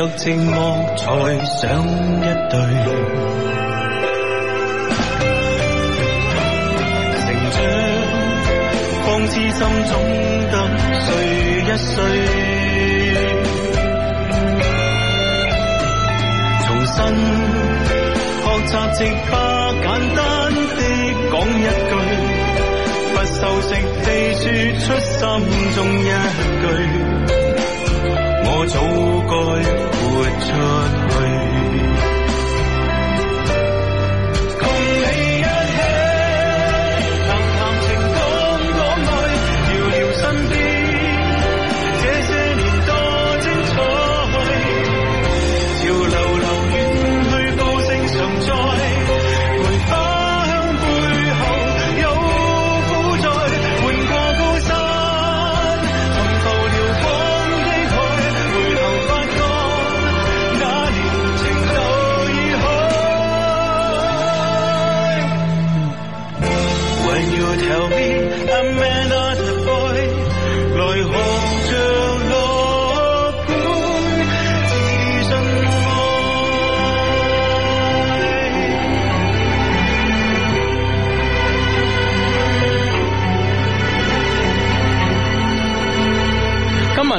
若寂寞才想一對，成長方知心總得碎一碎，重新學習直白簡單的講一句，不修飾地説出心中一句。我早該活出去。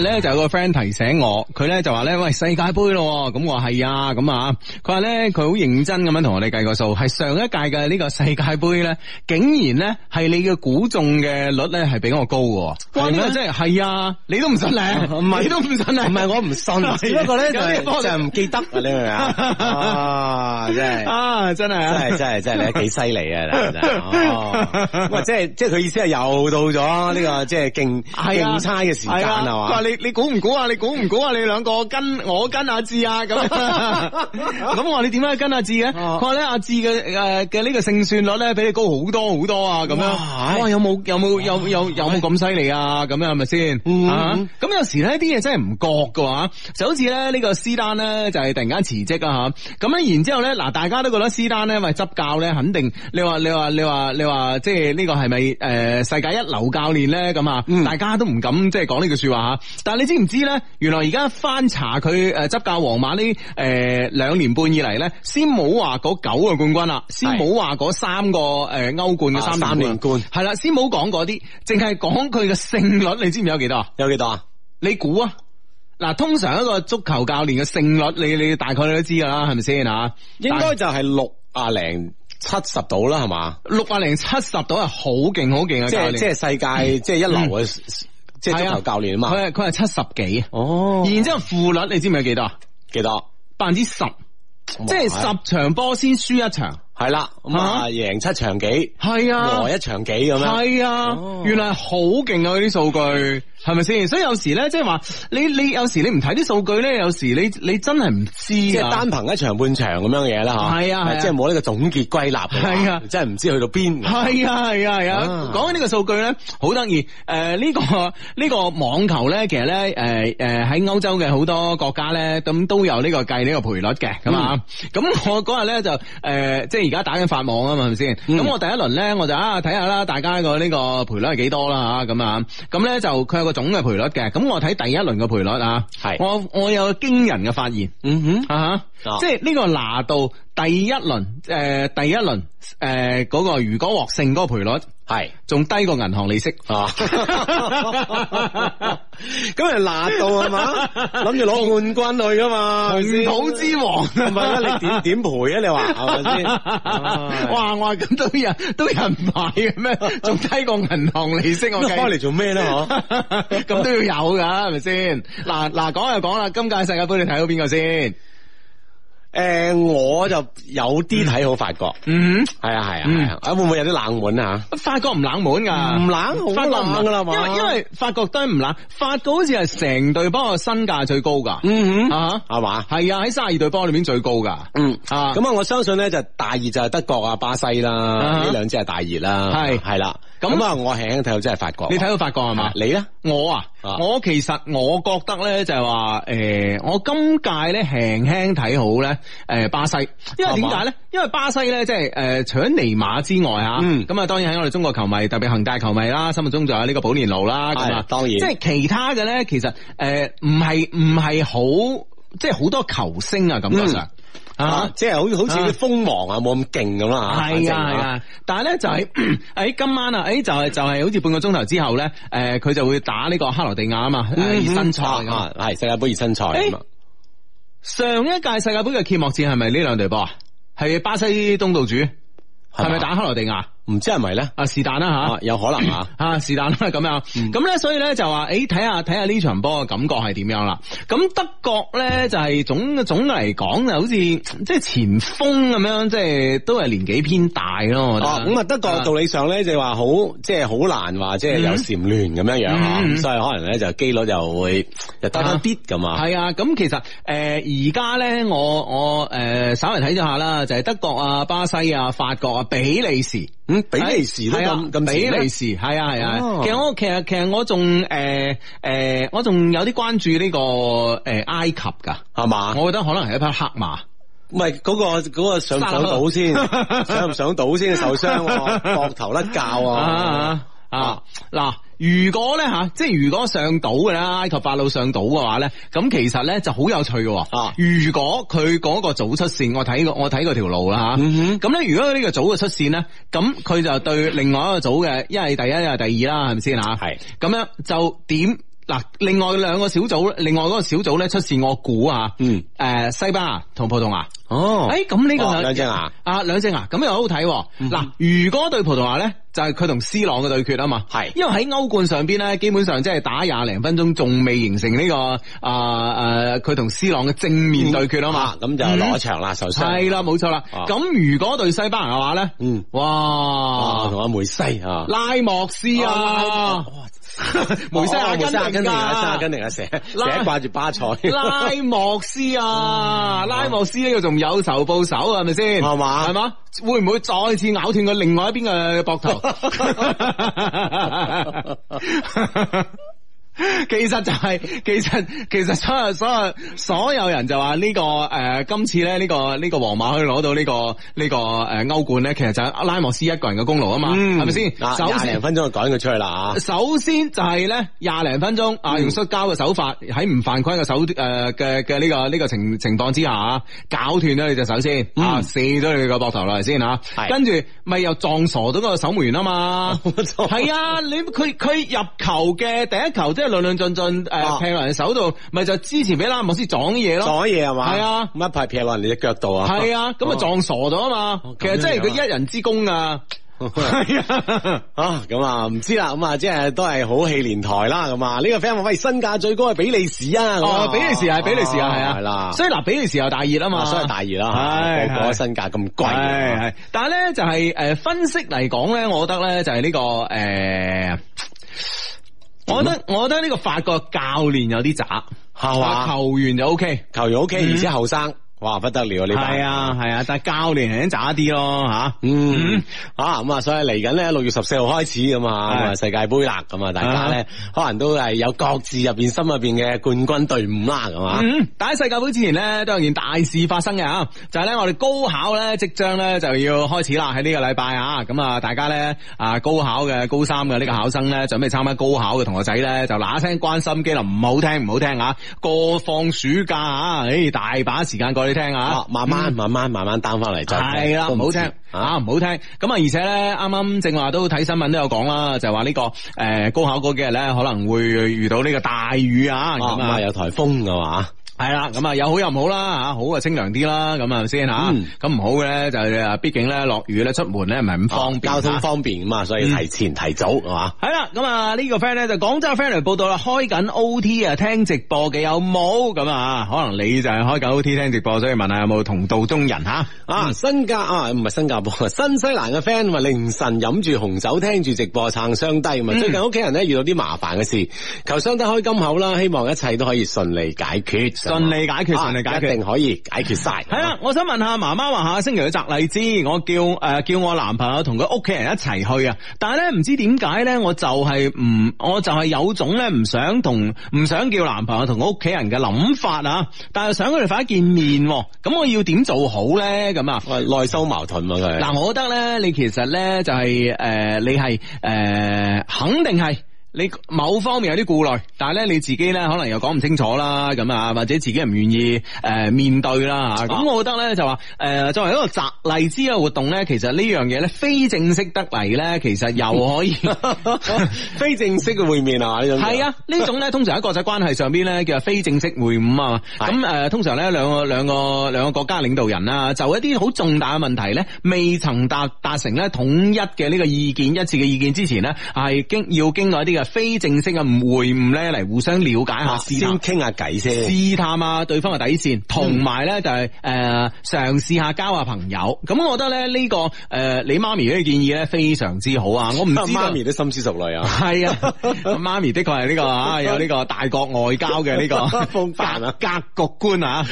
咧就有個 friend 提醒我，佢咧就話咧喂，世界杯咯，咁我係啊，咁啊。話咧佢好認真咁樣同我哋計個數，係上一屆嘅呢個世界盃咧，竟然咧係你嘅估中嘅率咧係比我高嘅。哇！呢個真係係啊，你都唔信咧？唔係，你都唔信咧？唔係我唔信，呢一個咧就就唔記得，啊，你係咪啊？真係啊！真係真係真係真係幾犀利啊！真係即係即係佢意思係又到咗呢個即係勁勁差嘅時間係嘛？你你估唔估啊？你估唔估啊？你兩個跟我跟阿志啊咁。咁我話你點解跟阿志嘅？佢話咧阿志嘅誒嘅呢個勝算率咧比你高好多好多啊！咁樣，哇，哇有冇有冇有有哇 有冇咁犀利啊？咁樣係咪先？是是嗯、啊！咁有時咧啲嘢真係唔覺嘅話，就好似咧呢個施丹咧就係、是、突然間辭職啊吓！咁、啊、咧、啊、然之後咧嗱，大家都覺得施丹咧喂執教咧肯定，你話你話你話你話即係呢個係咪誒世界一流教練咧？咁啊，嗯、大家都唔敢即係講呢句說話吓、啊。但係你知唔知咧？原來而家翻查佢誒執教皇馬呢誒兩年半。二嚟咧，先冇話嗰九個冠軍啦，先冇話嗰三個誒歐冠嘅三連、啊、冠係啦，先冇講嗰啲，淨係講佢嘅勝率，你知唔知有幾多有幾多啊？你估啊？嗱，通常一個足球教練嘅勝率，你你，你大概你都知噶啦，係咪先啊？應該就係六啊零七十到啦，係嘛？六啊零七十到係好勁，好勁嘅教練，即係世界、嗯、即係一流嘅、嗯、即係足球教練、嗯、啊嘛。佢係佢係七十幾，哦。然之後負率你知唔知幾多啊？幾多少？百分之十。即係十場波先輸一場，係啦，咁、嗯、啊贏七場幾，係啊和一場幾咁樣，係啊，哦、原來好勁啊！呢啲數據。係咪先？所以有時咧，即係話你你有時你唔睇啲數據咧，有時你你真係唔知，即係單憑一場半場咁樣嘅嘢啦吓。係啊，即係冇呢個總結歸納。係啊，啊真係唔知去到邊。係啊，係啊，係啊。講緊呢個數據咧，好得意誒！呢個呢個網球咧，其實咧誒誒喺歐洲嘅好多國家咧，咁都有呢個計呢個賠率嘅咁啊。咁、嗯、我嗰日咧就誒、呃，即係而家打緊法網啊嘛，係咪先？咁、嗯、我第一輪咧我就啊睇下啦，大家個呢個賠率係幾多啦吓咁啊。咁、嗯、咧、啊、就佢有個。啊啊啊總嘅賠率嘅，咁我睇第一輪嘅賠率啊，係，我我有驚人嘅發現，嗯哼，啊哈哈，即係呢個拿到第一輪，誒，第一輪，誒，嗰個如果獲勝嗰個賠率。係，仲低過銀行利息啊！咁係 辣到係嘛，諗住攞冠軍去噶嘛，半島之王係咪啊？你點點賠啊？你話係咪先？哇！我話咁多人都人買嘅咩？仲低過銀行利息，我計嚟做咩咧？嗬，咁都要有噶係咪先？嗱嗱，講就講啦，今屆世界杯你睇到邊個先？誒，我就有啲睇好法國，係啊係啊係啊，會唔會有啲冷門啊？法國唔冷門噶，唔冷，法國唔冷噶啦，因為因為法國都係唔冷，法國好似係成隊波嘅身價最高噶，嗯哼，啊係嘛，係啊，喺卅二隊波裏面最高噶，嗯啊，咁啊，我相信咧就大熱就係德國啊、巴西啦，呢兩隻係大熱啦，係係啦。咁啊，我輕輕睇到即係法國，你睇到法國係嘛？啊？你咧，我啊， 我其實我覺得咧就係話，誒、呃，我今屆咧輕輕睇好咧，誒、呃，巴西，因為點解咧？啊、因為巴西咧即係誒，除咗尼馬之外吓，咁啊、嗯，當然喺我哋中國球迷，特別恒大球迷啦，心目中仲有呢個保年路啦，咁啊，當然，即係其他嘅咧，其實誒，唔係唔係好，即係好多球星啊，感覺上。嗯即係好似好似鋒芒啊，冇咁勁咁啦吓。係啊係啊，啊但係咧就喺、是、誒、嗯、今晚啊、就是，誒就係就係好似半個鐘頭之後咧，誒、呃、佢就會打呢個克羅地亞啊嘛，熱、嗯嗯、身賽係、啊啊、世界杯熱身賽。欸、樣上一屆世界杯嘅揭幕戰係咪呢兩隊波啊？係巴西東道主，係咪打克羅地亞？唔知係咪咧？啊，是但啦吓，有可能啊，啊是但啦咁樣。咁咧、嗯，所以咧就話誒，睇下睇下呢場波嘅感覺係點樣啦。咁德國咧就係總總嚟講，就是嗯、講好似即係前鋒咁樣，即、就、係、是、都係年紀偏大咯。我覺得。哦，咁啊、嗯，德國道理上咧就話好，即係好難話即係有閃亂咁樣樣啊，嗯、所以可能咧就機率就會得低啲咁啊。係、嗯、啊，咁其實誒而家咧，我我誒稍微睇咗下啦，就係、是、德國啊、巴西啊、法國啊、比利時。嗯、啊，比利時啦，咁比利時係啊係啊、哦其，其實我其實其實我仲誒誒，我仲有啲關注呢個誒埃及噶，係嘛吧？我覺得可能係一匹黑馬，唔係嗰個、那個上唔上到先， 上唔上到先受傷、啊，膊 頭甩臼啊啊嗱。如果咧嚇、啊，即係如果上到嘅啦，同法路上到嘅話咧，咁其實咧就好有趣嘅喎。啊，啊如果佢嗰個組出線，我睇過，我睇過條路啦嚇。咁咧、嗯哼啊，如果呢個組嘅出線咧，咁佢就對另外一個組嘅，一係第一，又係第二啦，係咪先嚇？係咁是、啊、樣就點？嗱，另外兩個小組，另外嗰個小組咧，出線我估啊，嗯，誒，西班牙同葡萄牙，哦，誒，咁呢個兩隻牙，啊，兩隻牙，咁又好好睇。嗱，如果對葡萄牙咧，就係佢同 C 朗嘅對決啊嘛，係，因為喺歐冠上邊咧，基本上即係打廿零分鐘，仲未形成呢個啊誒，佢同 C 朗嘅正面對決啊嘛，咁就攞場啦，首先係啦，冇錯啦。咁如果對西班牙嘅話咧，嗯，哇，哇，同阿梅西啊，拉莫斯啊。 梅西啊，梅西啊，跟定阿，根廷，阿拉，成日掛住巴塞，拉莫斯啊，嗯、拉莫斯呢個仲有仇報仇係咪先？係嘛？係嘛？會唔會再次咬斷佢另外一邊嘅膊頭？ 其實就係、是，其實其實所有所有所有人就話呢個誒、呃、今次咧呢、這個呢、這個皇馬可以攞到呢、這個呢、這個誒歐冠咧，其實就係阿拉莫斯一個人嘅功勞、嗯、啊嘛，係咪先？廿零分鐘就趕佢出嚟啦啊！首先就係咧廿零分鐘啊，用摔跤嘅手法喺唔犯規嘅手誒嘅嘅呢個呢、這個情情況之下啊，搞斷咗你隻手先、嗯、啊射咗你個膊頭落嚟先吓，跟住咪又撞傻咗個守門員啊嘛，係啊你佢佢入球嘅第一球即係。 亂亂進進誒，劈落人手度，咪就支持俾拉莫斯撞嘢咯，撞嘢係嘛？係啊，咁一排劈落人哋隻腳度啊？係啊，咁啊撞傻咗啊嘛！其實真係佢一人之功啊！係啊，咁啊唔知啦，咁啊即係都係好戲連台啦咁啊！呢個 friend 喂，身價最高係比利時啊，哦，比利時係比利時啊，係啊，係啦，所以嗱，比利時又大熱啊嘛，所以大熱啦，係個身價咁貴，係，但係咧就係誒分析嚟講咧，我覺得咧就係呢個誒。我覺得我覺得呢個法國教練有啲渣，係啊吧球員就 OK，球員 OK，而且後生。嗯哇，不得了，你係啊，係啊，但係教練係啲渣啲咯吓，嗯，吓，咁啊，所以嚟緊咧六月十四號開始咁啊，世界杯啦咁啊，大家咧可能都係有各自入邊心入邊嘅冠軍隊伍啦，咁啊，但喺世界杯之前呢，都有件大事發生嘅啊，就係咧我哋高考咧即將咧就要開始啦，喺呢個禮拜吓，咁啊，大家咧啊高考嘅高三嘅呢個考生咧準備參加高考嘅同學仔咧就嗱一聲關心機啦，唔好聽唔好聽啊，過放暑假啊，誒大把時間過。聽啊，慢慢、嗯、慢慢慢慢擔翻嚟，就係啦，唔好聽啊，唔好、啊、聽。咁啊，而且咧，啱啱正話都睇新聞都有講啦，就係話、這個呃、呢個誒高考嗰幾日咧，可能會遇到呢個大雨啊，咁啊，啊是有台風嘅話。係啦，咁啊有好有唔好啦吓，好啊清涼啲啦，咁係咪先吓？咁唔、嗯、好嘅就啊，畢竟咧落雨咧，出門咧唔係咁方便，啊、交通方便咁啊，嗯、所以提前提早係嘛？係啦、嗯，咁啊呢個 friend 咧就廣州嘅 friend 嚟報道啦，開緊 O T 啊，聽直播嘅有冇？咁啊，可能你就係開緊 O T 聽直播，所以問下有冇同道中人吓？啊、啊，新加啊，唔係新加坡，新西蘭嘅 friend 話凌晨飲住紅酒聽住直播撐雙低咁啊，嗯、最近屋企人咧遇到啲麻煩嘅事，求雙低開金口啦，希望一切都可以順利解決。順利解決，順、啊、利解決，一定可以解決晒。係 啊，我想問下媽媽話：下星期去摘荔枝，我叫誒、呃、叫我男朋友同佢屋企人一齊去啊。但係咧唔知點解咧，我就係唔，我就係有種咧唔想同唔想叫男朋友同佢屋企人嘅諗法啊。但係想佢哋快見面，咁我要點做好咧？咁啊，內收矛盾啊佢。嗱、呃，我覺得咧，你其實咧就係、是、誒、呃，你係誒、呃，肯定係。你某方面有啲顧慮，但係咧你自己咧可能又講唔清楚啦，咁啊或者自己唔願意誒面對啦嚇。咁、啊、我覺得咧就話誒作為一個摘荔枝嘅活動咧，其實呢樣嘢咧非正式得嚟咧，其實又可以非正式嘅會面啊呢樣係啊，呢種咧通常喺國際關係上邊咧叫非正式會晤啊。咁誒通常咧兩 個兩個兩個國家領導人啊，就一啲好重大嘅問題咧，未曾達達成咧統一嘅呢個意見一致嘅意見之前咧，係經要經過一啲嘅。非正式嘅唔會唔咧，嚟互相了解下，先傾下偈先，試探下對方嘅底線，同埋咧就係誒嘗試下交下朋友。咁、嗯、我覺得咧、這、呢個誒、呃、你媽咪嘅建議咧非常之好啊！我唔知媽咪都深思熟慮啊，係啊，媽咪的確係呢個啊，有呢個大國外交嘅呢、這個 風、啊、格局觀啊，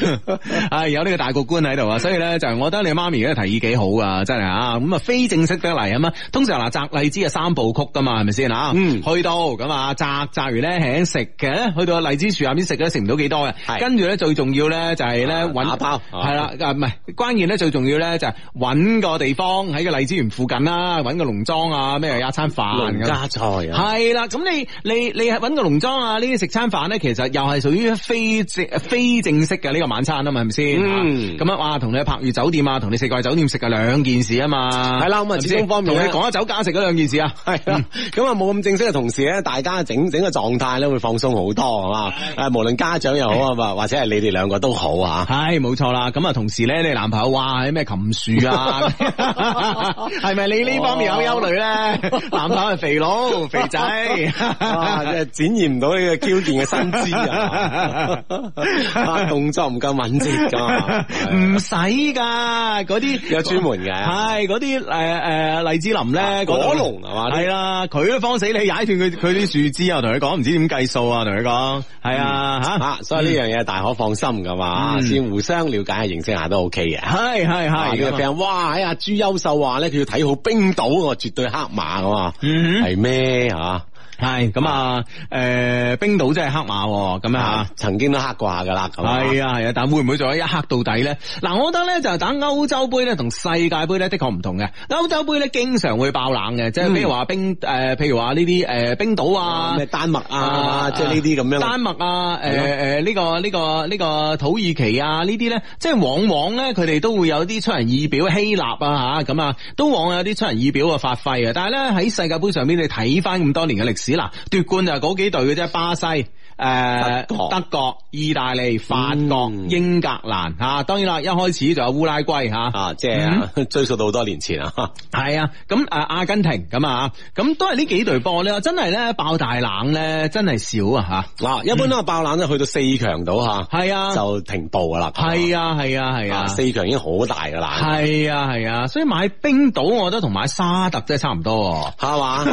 係有呢個大局觀喺度啊，所以咧就係我覺得你媽咪嘅提議幾好啊，真係啊，咁啊非正式得嚟啊嘛，通常嗱摘荔枝啊三部曲噶嘛，係咪先啊？嗯，去到。咁啊摘摘完咧請食嘅，去到荔枝樹下面食咧食唔到幾多嘅。跟住咧最重要咧就係咧揾係啦，唔係關鍵咧最重要咧就係揾個地方喺個荔枝園附近啦，揾個農莊啊咩一餐飯農家菜係啦，咁你你你係揾個農莊啊呢啲食餐飯咧，其實又係屬於非正非正式嘅呢個晚餐啊嘛，係咪先？咁啊哇，同你去柏悅酒店啊，同你四季酒店食啊兩件事啊嘛。係啦，咁啊始終方面同你講啊酒家食嗰兩件事啊，係咁啊冇咁正式嘅同事。大家整整個狀態咧，會放鬆好多啊！無論家長又好，好啊，或者係你哋兩個都好啊。係，冇錯啦。咁啊，同時咧，你男朋友話係咩？擒樹啊？係咪 你呢方面有憂慮咧？哦、男朋友肥佬肥仔，即係 展現唔到呢個矯健嘅身姿啊， 啊動作唔夠敏捷咁。唔使噶，嗰啲有專門嘅、啊。係嗰啲誒誒，荔枝林咧果龍係嘛？係啦、啊，佢、啊、都、那個、放死你，踩斷佢。佢啲樹枝啊，同佢講唔知點計數啊，同佢講係啊吓，所以呢樣嘢大可放心噶嘛，先、嗯、互相了解下、認識下都 O K 嘅。係係係，佢嘅病。哇！哎、啊、阿朱優秀話咧，佢要睇好冰島，我絕對黑馬噶嘛，係咩吓？係咁啊！誒、呃、冰島真係黑馬喎，咁樣吓曾經都黑過下噶啦。係啊，係啊，啊，但會唔會仲有一黑到底咧？嗱、啊，我覺得咧，就係、是、打歐洲盃咧同世界杯咧，的確唔同嘅。歐洲盃咧經常會爆冷嘅，即係、呃、譬如話、呃、冰誒譬如話呢啲誒冰島啊、咩丹麥啊，即係呢啲咁樣丹麥啊，誒誒呢個呢、呢個呢、呢個土耳其啊，呢啲咧，即係往往咧佢哋都會有啲出人意表，希臘啊吓咁啊，啊，都往有啲出人意表嘅發揮啊。但係咧喺世界杯上邊，你睇翻咁多年嘅歷史。嗱，奪冠就係嗰幾隊嘅啫，巴西。誒， 德國、意大利、法國、嗯、英格蘭吓、啊，當然啦，一開始仲有烏拉圭吓，啊，啊即係追溯到好多年前、嗯、啊，係啊，咁誒，阿根廷咁啊，咁、啊、都係呢幾隊波咧，真係咧爆大冷咧，真係少啊吓，嗱、啊，一般都係爆冷咧去到四強度吓，係啊，就停步噶啦，係啊，係啊，係啊，啊，四強已經好大噶啦，係啊，係啊，所以買冰島，我覺得同買沙特真係差唔多，係嘛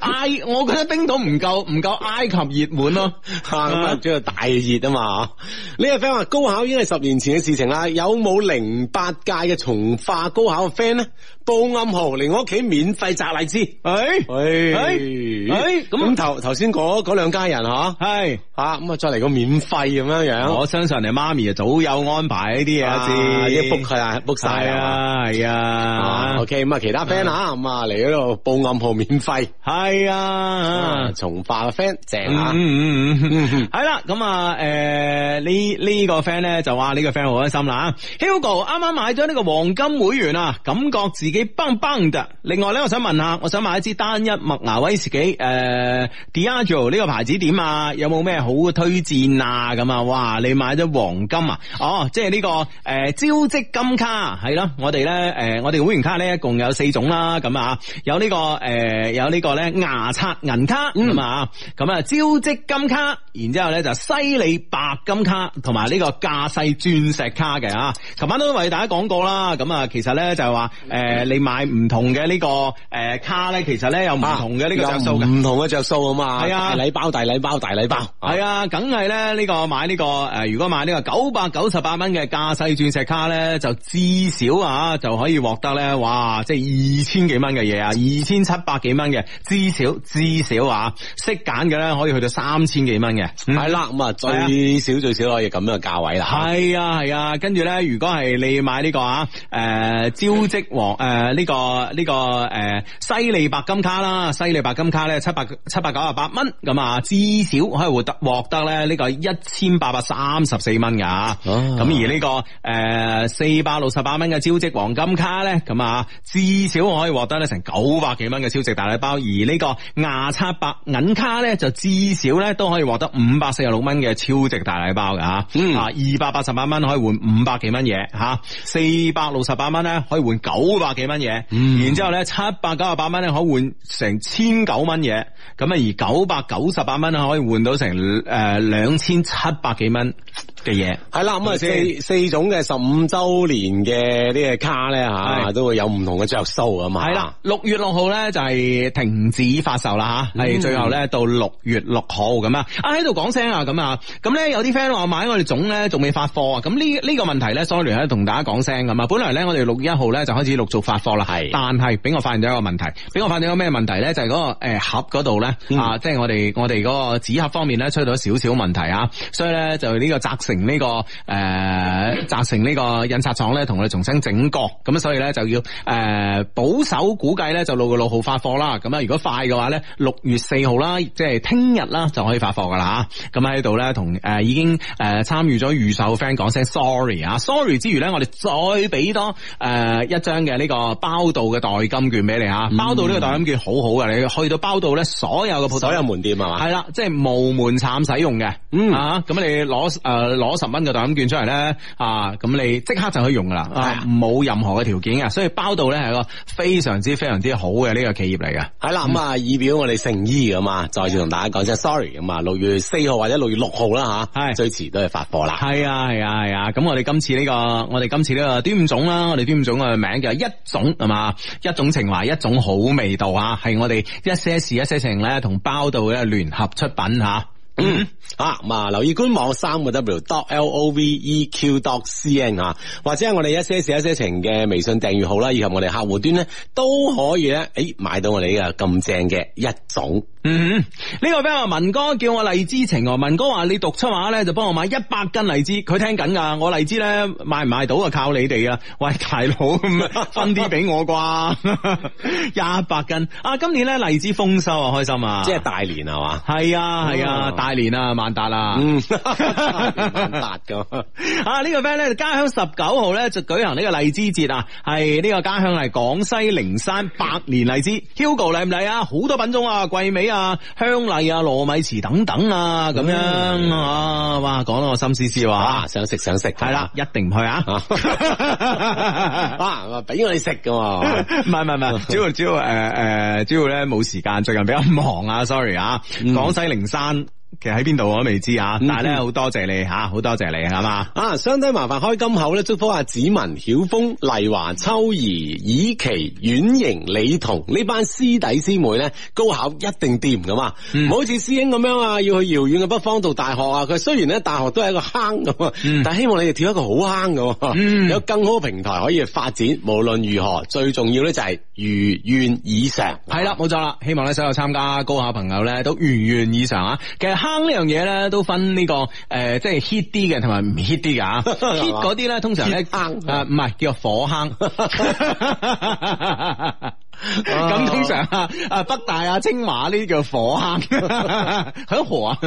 ，I，我覺得冰島唔夠唔夠 I。及熱門咯，吓咁啊，即係大熱啊嘛！呢個 friend 話，高考已經係十年前嘅事情啦，有冇零八屆嘅從化高考嘅 friend 咧？報暗號嚟我屋企免費摘荔枝，係係咁咁頭頭先嗰嗰兩家人吓，係吓咁啊再嚟個免費咁樣樣，我相信你媽咪啊早有安排呢啲嘢先，啲 book 係 book 晒啊係啊，OK 咁啊其他 friend 啊，咁嘛嚟嗰度報暗號免費，係啊從化嘅 friend 正啊，嗯嗯係啦咁啊誒呢呢個 friend 咧就話呢個 friend 好開心啦，Hugo 啱啱買咗呢個黃金會員啊，感覺自自邦邦嘅。另外咧，我想問下，我想買一支單一麥芽威士忌，誒、呃、Diageo 呢個牌子點啊？有冇咩好推薦啊？咁啊，哇，你買咗黃金啊？哦，即係呢、這個誒招積金卡係咯？我哋咧誒，我哋會員卡咧一共有四種啦。咁啊，有呢、這個誒、呃，有個呢個咧牙擦銀卡，啊，咁啊招積金卡，然之後咧就犀、是、利白金卡，同埋呢個架勢鑽石卡嘅啊。琴晚都為大家講過啦。咁啊，其實咧就係話誒。呃你買唔同嘅呢個誒卡咧，其實咧有唔同嘅呢個着數，唔同嘅着數啊嘛。係啊，大禮包大禮包大禮包，係啊，梗係咧呢個買呢個誒，如果買呢個九百九十八蚊嘅加細鑽石卡咧，就至少啊就可以獲得咧，哇，即係二千幾蚊嘅嘢啊，二千七百幾蚊嘅，至少至少啊，識揀嘅咧可以去到三千幾蚊嘅。係啦，咁啊最少最少可以咁樣嘅價位啦。係啊係啊，跟住咧，如果係你買呢個啊誒招積王誒。誒，呢、這個呢、這個誒，犀利白金卡啦，西利白金卡咧，七百七百九十八蚊，咁啊，至少可以獲得獲得咧呢個一千八百三十四蚊噶，咁而呢個誒四百六十八蚊嘅超值黃金卡咧，咁啊，至少可以獲得咧成九百幾蚊嘅超值大禮包，而呢個牙刷白銀卡咧，就至少咧都可以獲得五百四十六蚊嘅超值大禮包噶，啊二百八十八蚊可以換五百幾蚊嘢，吓四百六十八蚊咧可以換九百幾幾蚊嘢，嗯、然之後咧七百九十八蚊咧可換成千九蚊嘢，咁啊而九百九十八蚊咧可以換到成誒兩千七百幾蚊嘅嘢。係啦，咁啊、嗯嗯、四四種嘅十五周年嘅呢個卡咧吓，是都會有唔同嘅着收噶嘛。係啦的，六、嗯、月六號咧就係停止發售啦吓，係、嗯、最後咧到六月六號咁啊。啊喺度講聲啊，咁啊，咁咧有啲 friend 話買我哋總咧仲未發貨啊，咁呢呢個問題咧，sorry 咧同大家講聲咁啊。本來咧我哋六月一號咧就開始陸續發發貨啦，係，但係俾我發現咗一個問題，俾我發現咗個咩問題咧？就係、是、嗰個誒盒嗰度咧，嗯、啊，即、就、係、是、我哋我哋嗰個紙盒方面咧出咗少少問題啊，所以咧就呢個責成呢、這個誒責、呃、成呢個印刷廠咧同我哋重新整過，咁所以咧就要誒、呃、保守估計咧就六月六號發貨啦，咁啊如果快嘅話咧六月四號啦，即係聽日啦就可以發貨噶啦，咁喺度咧同誒已經誒參與咗預售嘅 friend 講聲 sorry 啊，sorry 之餘咧我哋再俾多誒一張嘅呢個。包道嘅代金券俾你啊，包道呢個代金券好好噶，你去到包道咧，所有嘅鋪，所有門店係嘛，係啦，即係無門檻使用嘅，mm. 啊，咁你攞誒攞十蚊嘅代金券出嚟咧，啊，咁你即刻就可以用噶啦，冇、uh. 啊、任何嘅條件啊，所以包道咧係個非常之非常之好嘅呢個企業嚟嘅。係啦，咁啊以表我哋誠意啊嘛，再次同大家講聲 sorry 啊、嗯、嘛，六月四號或者六月六號啦吓，係是最遲都係發貨啦。係啊係啊係啊，咁、啊啊啊、我哋今次呢、這個我哋今次，今次個呢個端午粽啦，我哋端午粽嘅名叫一，就是種係嘛，一種情懷，一種好味道啊，係我哋一些事一些情咧同包道咧聯合出品吓。啊、嗯，好啊，留意官網三個 w dot loveq dot cn 啊，或者係我哋一些事一些情嘅微信訂閱號啦，以及我哋客戶端咧都可以咧，誒、哎、買到我哋呢個咁正嘅一種。 嗯，呢、呢個 friend 話文哥叫我荔枝情，文哥話你讀出話咧就幫我買一百斤荔枝，佢聽緊噶。我荔枝咧賣唔賣到啊，靠你哋啊！喂，大佬，分啲俾我啩，一百斤啊！今年咧荔枝豐收啊，開心啊！即係大年係嘛？係啊係、哦、啊，大年啊，萬達啊，嗯，萬達啊！呢、啊 啊呢個 friend 咧家鄉十九號咧就舉行呢個荔枝節啊，係呢、呢個家鄉係廣西靈山百年荔枝，Hugo 嚟唔嚟啊？好多品種啊，桂味啊，香荔啊，糯米糍等等啊，咁樣啊，嗯、哇，講得我心思思啊，想食想食，係啦了，吃一定唔去啊，啊，俾 我哋食噶，唔係唔係唔係，主要，誒、呃、誒，主要咧冇時間，最近比較忙啊，Sorry 啊，廣、嗯、西靈山。其實喺邊度我都未知啊，但係咧好多謝你吓，好多謝你係嘛、嗯、吧啊，相當麻煩開金口咧，祝福阿子文、曉峰、麗華、秋怡、以琪、婉瑩、李彤呢班師弟師妹咧，高考一定掂噶嘛，唔好似師兄咁樣啊，要去遙遠嘅北方讀大學啊，佢雖然咧大學都係一個坑咁，但係希望你哋跳一個好坑噶，嗯、有更好嘅平台可以發展。無論如何，最重要咧就係如願以償。係啦、嗯，冇錯啦，希望咧所有參加高考朋友咧都如願以償啊！坑呢樣嘢咧都分呢、這個誒、呃，即係 hit 啲嘅同埋唔 hit 啲噶，hit 嗰啲咧通常咧，唔係、 啊、叫火坑。 咁通常啊，啊北大馬啊、清華呢啲叫火坑，喺河 啊，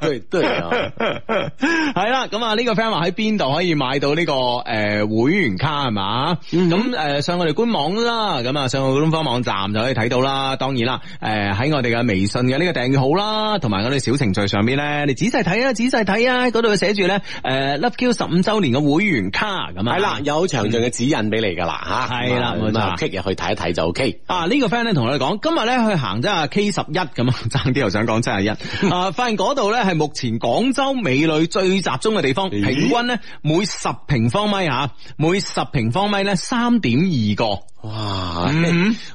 對對對，係 啦。咁啊，呢個 friend 喺邊度可以買到呢、這個誒、呃、會員卡係嘛？咁誒、嗯、哼上我哋官網啦，咁啊上我哋東方網站就可以睇到啦。當然啦，誒、呃、喺我哋嘅微信嘅呢個訂閱號啦，同埋我哋小程序上邊咧，你仔細睇啊，仔細睇啊，嗰度寫住咧誒 Love Q 十五周年嘅會員卡咁啊，係啦，有詳盡嘅指引俾你噶啦吓，係啦，咁啊，揭入去睇一睇。對對 就 OK 啊！這個、呢個 friend 咧同我哋講，今日咧去行啫，K 十一咁，啊。爭啲又想講七廿一。啊，發現嗰度咧係目前廣州美女最集中嘅地方，平均咧每十平方米吓、啊，每十平方米咧三點二個。哇，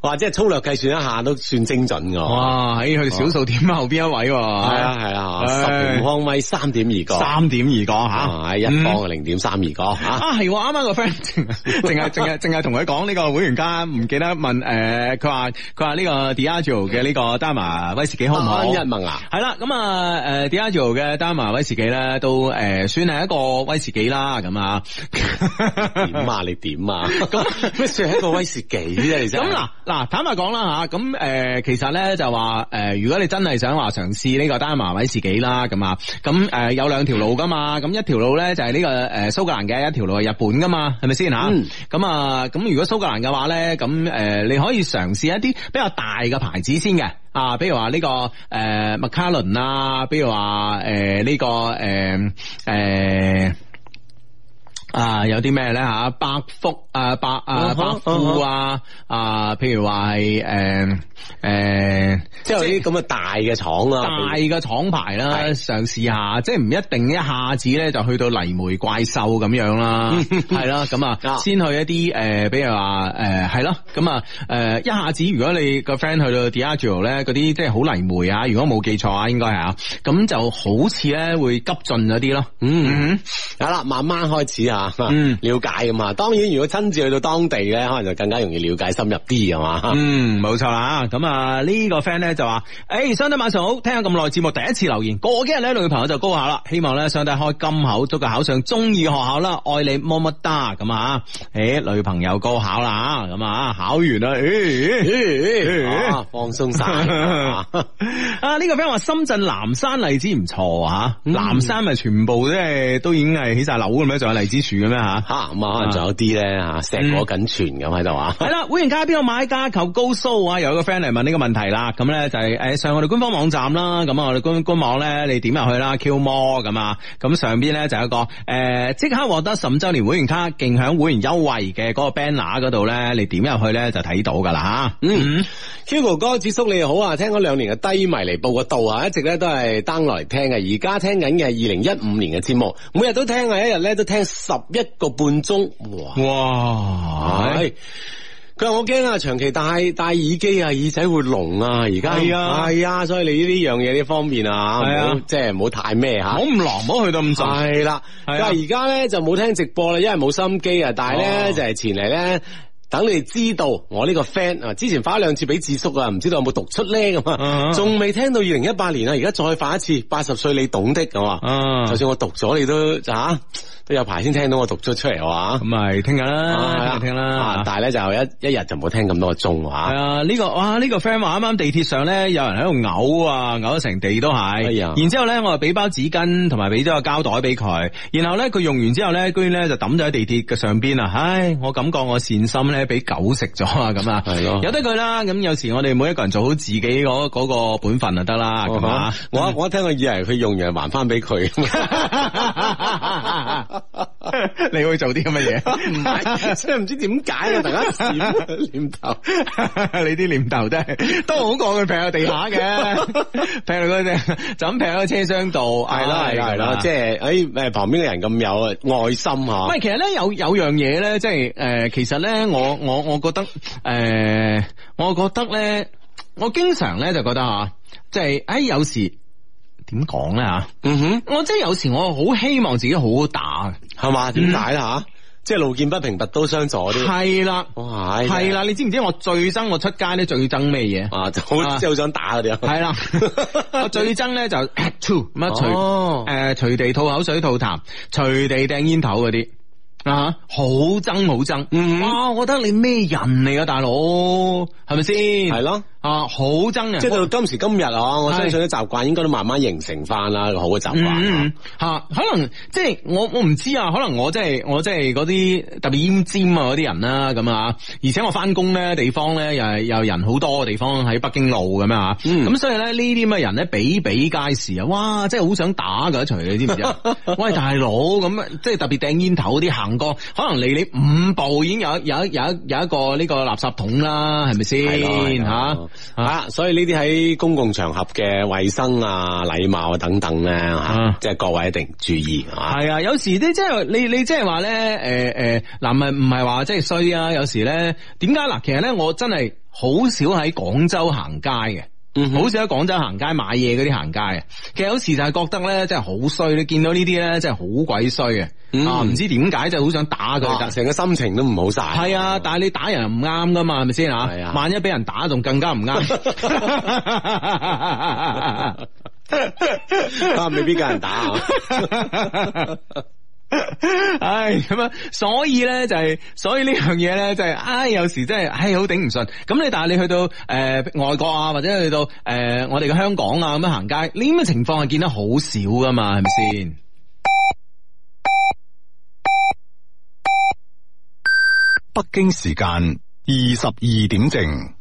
或者粗略計算一下都算精準嘅。哇，喺佢小數點後邊一位，係啊係啊，十平方米三點二個，三點二個吓，一方零點三二個。啊係，啱啱個 friend 淨係淨係淨係同佢講呢個會員卡，唔記得問誒，佢話佢話呢個 Diageo 嘅呢個 Dama 威士忌好唔好？潘一文啊，係啦，咁啊誒 Diageo 嘅 Dama 威士忌咧，都誒算係一個威士忌啦，咁啊點啊你點啊咁算係一個威士？幾咁嗱嗱，坦白講啦吓，咁誒，其實咧就話誒，如果你真係想話嘗試呢個單麥威士忌啦，咁啊，咁誒有兩條路噶嘛，咁一條路咧就係呢個誒蘇格蘭嘅，一條路係日本噶嘛，係咪先吓？咁啊，咁如果蘇格蘭嘅話咧，咁誒，你可以嘗試一啲比較大嘅牌子先嘅，啊，比如話呢、這個誒麥、呃、卡倫啊，比如話誒呢個誒誒。呃呃啊，有啲咩咧吓？百福啊，百啊，百富啊啊，譬如話係誒誒，即係啲咁嘅大嘅廠啊，大嘅廠牌啦，嘗試下，即係唔一定一下子咧就去到泥煤怪獸咁樣啦，係啦咁啊，先去一啲誒，比如話誒係咯，咁啊誒一下子，如果你個 friend 去到 Diageo 咧，啲即係好泥煤啊，如果冇記錯啊，應該係啊，咁就好似咧會急進咗啲咯，嗯，好啦，慢慢開始啊。嗯， 了解咁嘛。當然如果親自去到當地咧，可能就更加容易了解深入啲㗎嘛，嗯，冇錯啦，咁啊、這個、呢個 friend 咧就話，誒、欸，兄弟晚上好，聽咗咁耐節目，第一次留言，過幾日咧，女朋友就高考啦，希望咧，兄弟開金口，祝佢考上中意學校啦，愛你麼麼噠咁啊，誒、欸，女朋友高考啦，咁啊，考完啦，誒誒誒，啊、放鬆晒。 啊呢、這個 friend 話深圳南山荔枝唔錯啊，南山咪 全部都係都已經係起晒樓咁樣，仲有荔枝。住咁樣吓，吓咁啊，可能仲有啲咧吓，成個緊存咁喺度啊。係啦，會員卡邊個買家求高收啊？有一個 friend 嚟問呢個問題啦，咁咧就係誒上我哋官方網站啦，咁啊我哋官官網咧你點入去啦？Q 摩咁啊，咁上邊咧就有一個誒即刻獲得十五周年會員卡勁享會員優惠嘅嗰個 banner 嗰度咧，你點入去咧就睇到噶啦吓。嗯，Q 哥子叔你好啊，聽咗兩年嘅低迷嚟報個道啊，一直咧都係登來聽嘅，而家聽緊嘅二零一五年嘅節目，每日都聽啊，一日咧都聽十。一個半鐘，哇！佢話哇是我驚啊，長期戴戴耳機啊，耳仔會聾啊！而家係啊，係啊、哎，所以你呢啲樣嘢呢方面啊，唔好、啊、即係唔好太咩吓，唔好咁狼，唔好去到咁重。係啦、啊，佢話而家咧就冇聽直播啦，因為冇心機啊，但係咧哇就係前嚟咧。等你哋知道我呢個 friend 啊，之前發一兩次俾智叔啊，唔知道有冇讀出咧咁啊，仲未、uh huh. 聽到二零一八年啊，而家再發一次八十歲你懂的咁啊，uh huh. 就算我讀咗你都吓、啊，都有排先聽到我讀咗出嚟話，咁咪聽日啦，聽日聽啦，但係咧就一一日就冇好聽咁多個鐘話。係啊，呢、啊這個哇呢、這個 friend 話啱啱地鐵上咧有人喺度嘔啊，嘔咗成地都係，然之後咧我又俾包紙巾同埋俾咗個膠袋俾佢，然後咧佢用完之後咧，居然咧就抌咗喺地鐵嘅上邊啊，唉，我感覺我善心咧。俾狗食咗啊！咁啊，有得佢啦。咁有時我哋每一個人做好自己嗰嗰個本分就得啦。我我聽佢以為佢用完還翻俾佢，你會做啲咁嘅嘢？即係唔知點解突然間閃念頭，你啲念頭都係都好講佢撇喺地下嘅，撇喺嗰度就咁撇喺車廂度。係啦，係啦，即係誒旁邊嘅人咁有愛心啊。唔係，其實咧有有樣嘢咧，即係誒，其實咧我。我我我覺得誒，我覺得咧、呃，我經常咧就覺得吓，即係誒，有時點講咧吓，嗯哼，我即係有時我好希望自己好好打，係嘛？點解啦吓？嗯、即係路見不平拔刀相助嗰啲，係啦了，我係，係啦。你知唔知我最憎我出街咧最憎咩嘢？啊，好即係好想打嗰啲，係啦。的 我最憎咧就 act two 乜隨誒隨地吐口水吐痰，隨地掟煙頭嗰啲。啊、uh！Huh. 好憎好憎嗯哇！我覺得你咩人嚟、啊、噶大佬，係咪先？係咯。 啊，好憎嘅，即係到今時今日啊，哇我相信啲習慣應該都慢慢形成翻啦，是個好嘅習慣吓。可能即係我我唔知啊，可能、就是、我即係我即係嗰啲特別腌尖啊嗰啲人啦咁啊，而且我翻工咧地方咧又有人好多嘅地方喺北京路咁啊，咁、嗯啊、所以咧呢啲咁嘅人咧比比皆是啊，哇，即係好想打佢一錘，你知唔知啊？ 喂，大佬咁即係特別掟煙頭嗰啲行過，可能離你五步已經有有有有一有一個呢個垃圾桶啦，係咪先吓？吓、啊啊，所以呢啲喺公共場合嘅衛生啊、禮貌啊等等咧、啊、吓，即係、啊啊就是、各位一定注意啊。係啊，有時啲即係你你即係話咧，誒、呃、誒，嗱唔唔係話即係衰啊，有時咧點解嗱？其實咧我真係好少喺廣州行街嘅。好似喺廣州行街買嘢嗰啲行街啊，其實有時就係覺得咧，真係好衰。你見到呢啲咧，真係好鬼衰嘅啊！唔知點解，就係、是、好想打佢，成、啊、個心情都唔好晒。係啊，但係你打人唔啱噶嘛，係咪先啊？啊，萬一俾人打，仲更加唔啱。啊，未必有人打 唉，咁樣，所以咧就係、是，所以呢樣嘢咧，就係、是，唉，有時真係，唉，好頂唔順。咁你但係你去到誒、呃、外國啊，或者去到誒、呃、我哋嘅香港啊，咁樣行街，呢啲咁嘅情況係見得好少㗎嘛，係咪先？北京時間二十二點正。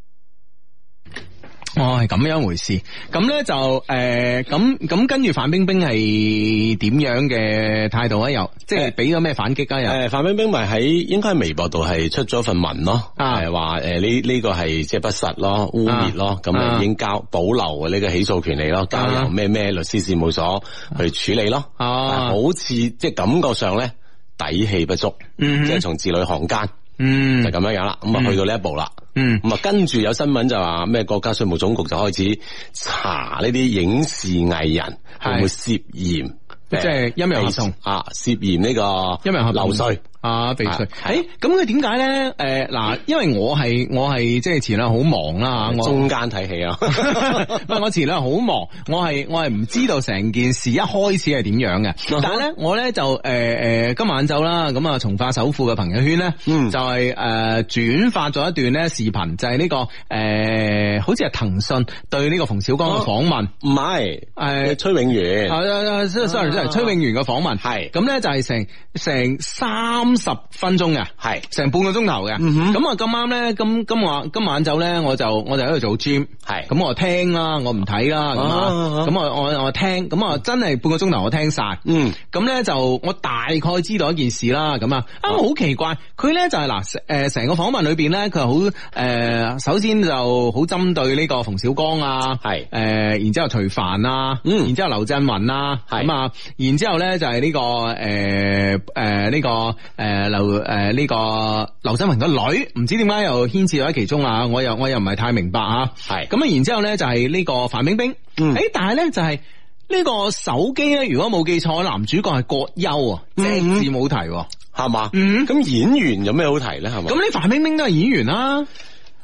哦，係咁樣回事，咁咧就誒，咁咁跟住范冰冰係點樣嘅態度啊？又即係俾咗咩反擊啊？誒，范冰冰咪喺應該喺微博度係出咗份文咯，係話誒呢呢個係即係不實咯，污蔑咯，咁啊已經交保留呢個起訴權利咯，交由咩咩律師事務所去處理咯。啊，好似即係感覺上咧底氣不足，即係從字裏行間，嗯，就咁樣樣啦，咁啊去到呢一步啦。嗯，咁啊跟住有新聞就話咩國家稅務總局就開始查呢啲影視藝人係唔是會涉嫌，嗯、即係陰陽合同啊涉嫌呢個陰陽合同漏稅。啊，祕書，誒，咁佢點解咧？誒，嗱，因為我係我係即係前兩好忙啦我，中間睇戲啊，唔係我前兩好忙，我係我係唔知道成件事一開始係點樣嘅，但係咧我咧就誒誒，今晚晏晝啦，咁啊從化首富嘅朋友圈咧，就係誒轉發咗一段咧視頻，就係呢個誒，好似係騰訊對呢個馮小剛嘅訪問，唔係，係崔永元，係啊，sorry 即 o 崔永元嘅訪問，係，咁咧就係成成三。三十分鐘嘅，係成半個鐘頭嘅。咁啊，咁啱咧，咁今我今晚走咧，我就我就喺度做 gym。係咁我聽啦，我唔睇啦。咁咁我我我聽。咁啊，真係半個鐘頭我聽晒。嗯。咁咧就我大概知道一件事啦。咁啊，啊好奇怪，佢咧就係嗱，誒成個訪問裏邊咧，佢好誒，首先就好針對呢個馮小剛啊，係誒，然之後徐帆啊，然之後劉震雲啦，係咁啊，然之後咧就係呢個誒誒呢個。誒，劉誒呢個劉振雲個女，唔知點解又牽涉喺其中啊？我又我又唔係太明白啊。係咁啊，然之後咧就係呢個范冰冰。誒、嗯，但係咧就係、是、呢個手機咧，如果冇記錯，男主角係葛優啊，正字冇提係嘛？咁演員有咩好提咧？係嘛？咁呢范冰冰都係演員啦。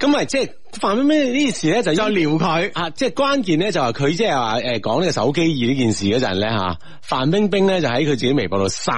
咁咪即係。范冰冰呢件事咧，就再撩佢啊！即係關鍵咧，就係佢即係話誒講呢個手機二呢件事陣咧吓，范冰冰咧就喺佢自己微博度晒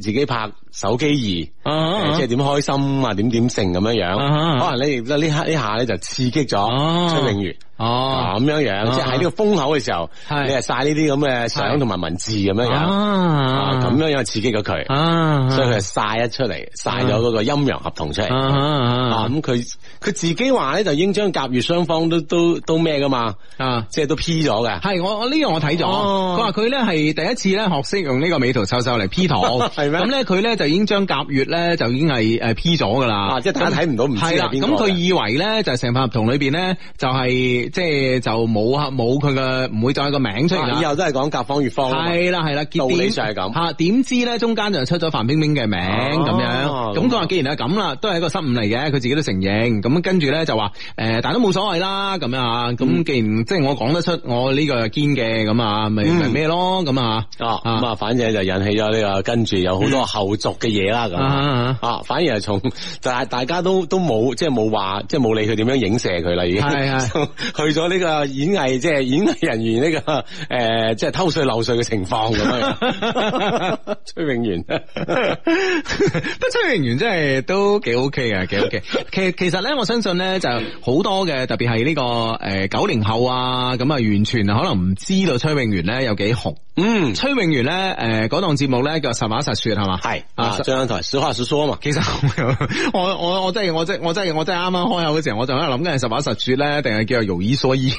自己拍手機二，誒即係點開心啊點點盛咁樣樣，可能咧呢刻呢下咧就刺激咗崔永元哦咁樣樣，即係喺呢個風口嘅時候，你係晒呢啲咁嘅相同埋文字咁樣樣，啊咁樣樣刺激咗佢，所以佢係晒一出嚟晒咗個陰陽合同出嚟啊，咁佢佢自己話咧就應咗。將甲乙雙方都都都咩噶嘛啊，即係都 P 咗嘅。係我我呢樣我睇咗。佢話佢咧係第一次咧學識用呢個美圖秀秀嚟 P 圖，係咩？咁咧佢咧就已經將甲乙咧就已經係誒 P 咗噶啦。即係大家睇唔到唔知喺邊。係啦，咁佢以為咧就成份合同裏邊咧就係即係就冇冇佢嘅唔會再個名出嚟啦。以後都係講甲方乙方。係啦係啦，道理就係咁。吓，點知咧中間就出咗范冰冰嘅名咁樣。咁佢話既然係咁啦，都係一個失誤嚟嘅，佢自己都承認。咁跟住咧就話誒。但都冇所謂啦，咁樣、嗯、那啊，咁既然即係我講得出，我呢個又堅嘅，咁啊，咪咪咩咯，咁啊，啊，咁啊，反正就引起咗呢、這個跟住有好多後續嘅嘢啦，咁、嗯、啊，啊反而係從但係大家都都冇即係冇話，即係冇理佢點樣影射佢啦，已經係係去咗呢個演藝即係演藝人員呢、這個誒、呃，即係偷稅漏稅嘅情況咁樣。 崔永元，不，崔永元真係都幾 OK 嘅，幾 OK。其其實咧，我相信咧就係好，多嘅，特別係呢個誒九零後啊，咁啊完全可能唔知道崔永元咧有幾紅。嗯，崔永元咧誒嗰檔節目咧叫《實話實說》係嘛？係啊張台小阿叔叔啊嘛。其實 我我我真係我真我真係我真係啱啱開口嗰時，我就喺度諗緊係實話實說咧，定係叫做《有一說一》。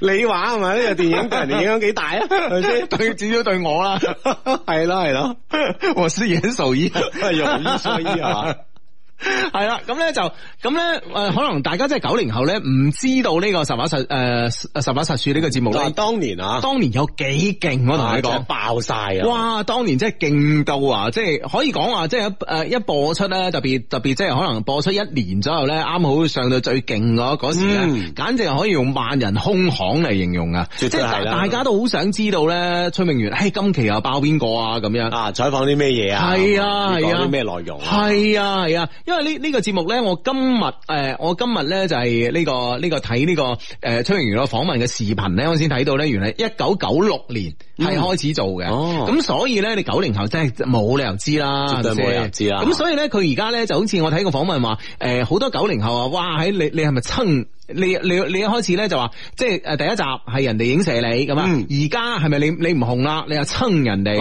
你話係咪呢個電影對人哋影響幾大啊？係咪對至少對我啊，係啦係啦，我是言手藝，有一說一啊。係啦，咁 咧樂就咁咧，誒，可能大家即係九零後咧，唔知道呢個實話實、呃、實誒實話實說呢個節目。但係當年啊，當年有幾勁，我同你講，嗯嗯、爆晒啊！哇，當年真係勁到啊，即係可以講話，即係一誒一播出咧，特別特別即係可能播出一年左右咧，啱好上到最勁嗰嗰時間，嗯、簡直可以用萬人空巷嚟形容啊！嗯、即係是大家都好想知道咧，崔明元，誒、哎，今期又爆邊個啊？咁樣啊？採訪啲咩嘢啊？係啊係啊，啲咩內容啊？係啊係啊。因為呢呢個節目咧，我今日誒，我今日咧就係呢個呢個睇呢個誒崔明宇個訪問嘅視頻咧，我先睇到咧，原來一九九六年係開始做嘅，咁、嗯哦、所以咧你九零後真係冇理由知啦，絕對冇理由知啦。咁所以咧佢而家咧就好似我睇個訪問話，誒好多九零後啊，哇喺你你係咪親？你你你一開始咧就話，即係誒第一集係人哋影射你咁啊，而家係咪你你唔紅啦，你又蹭人哋，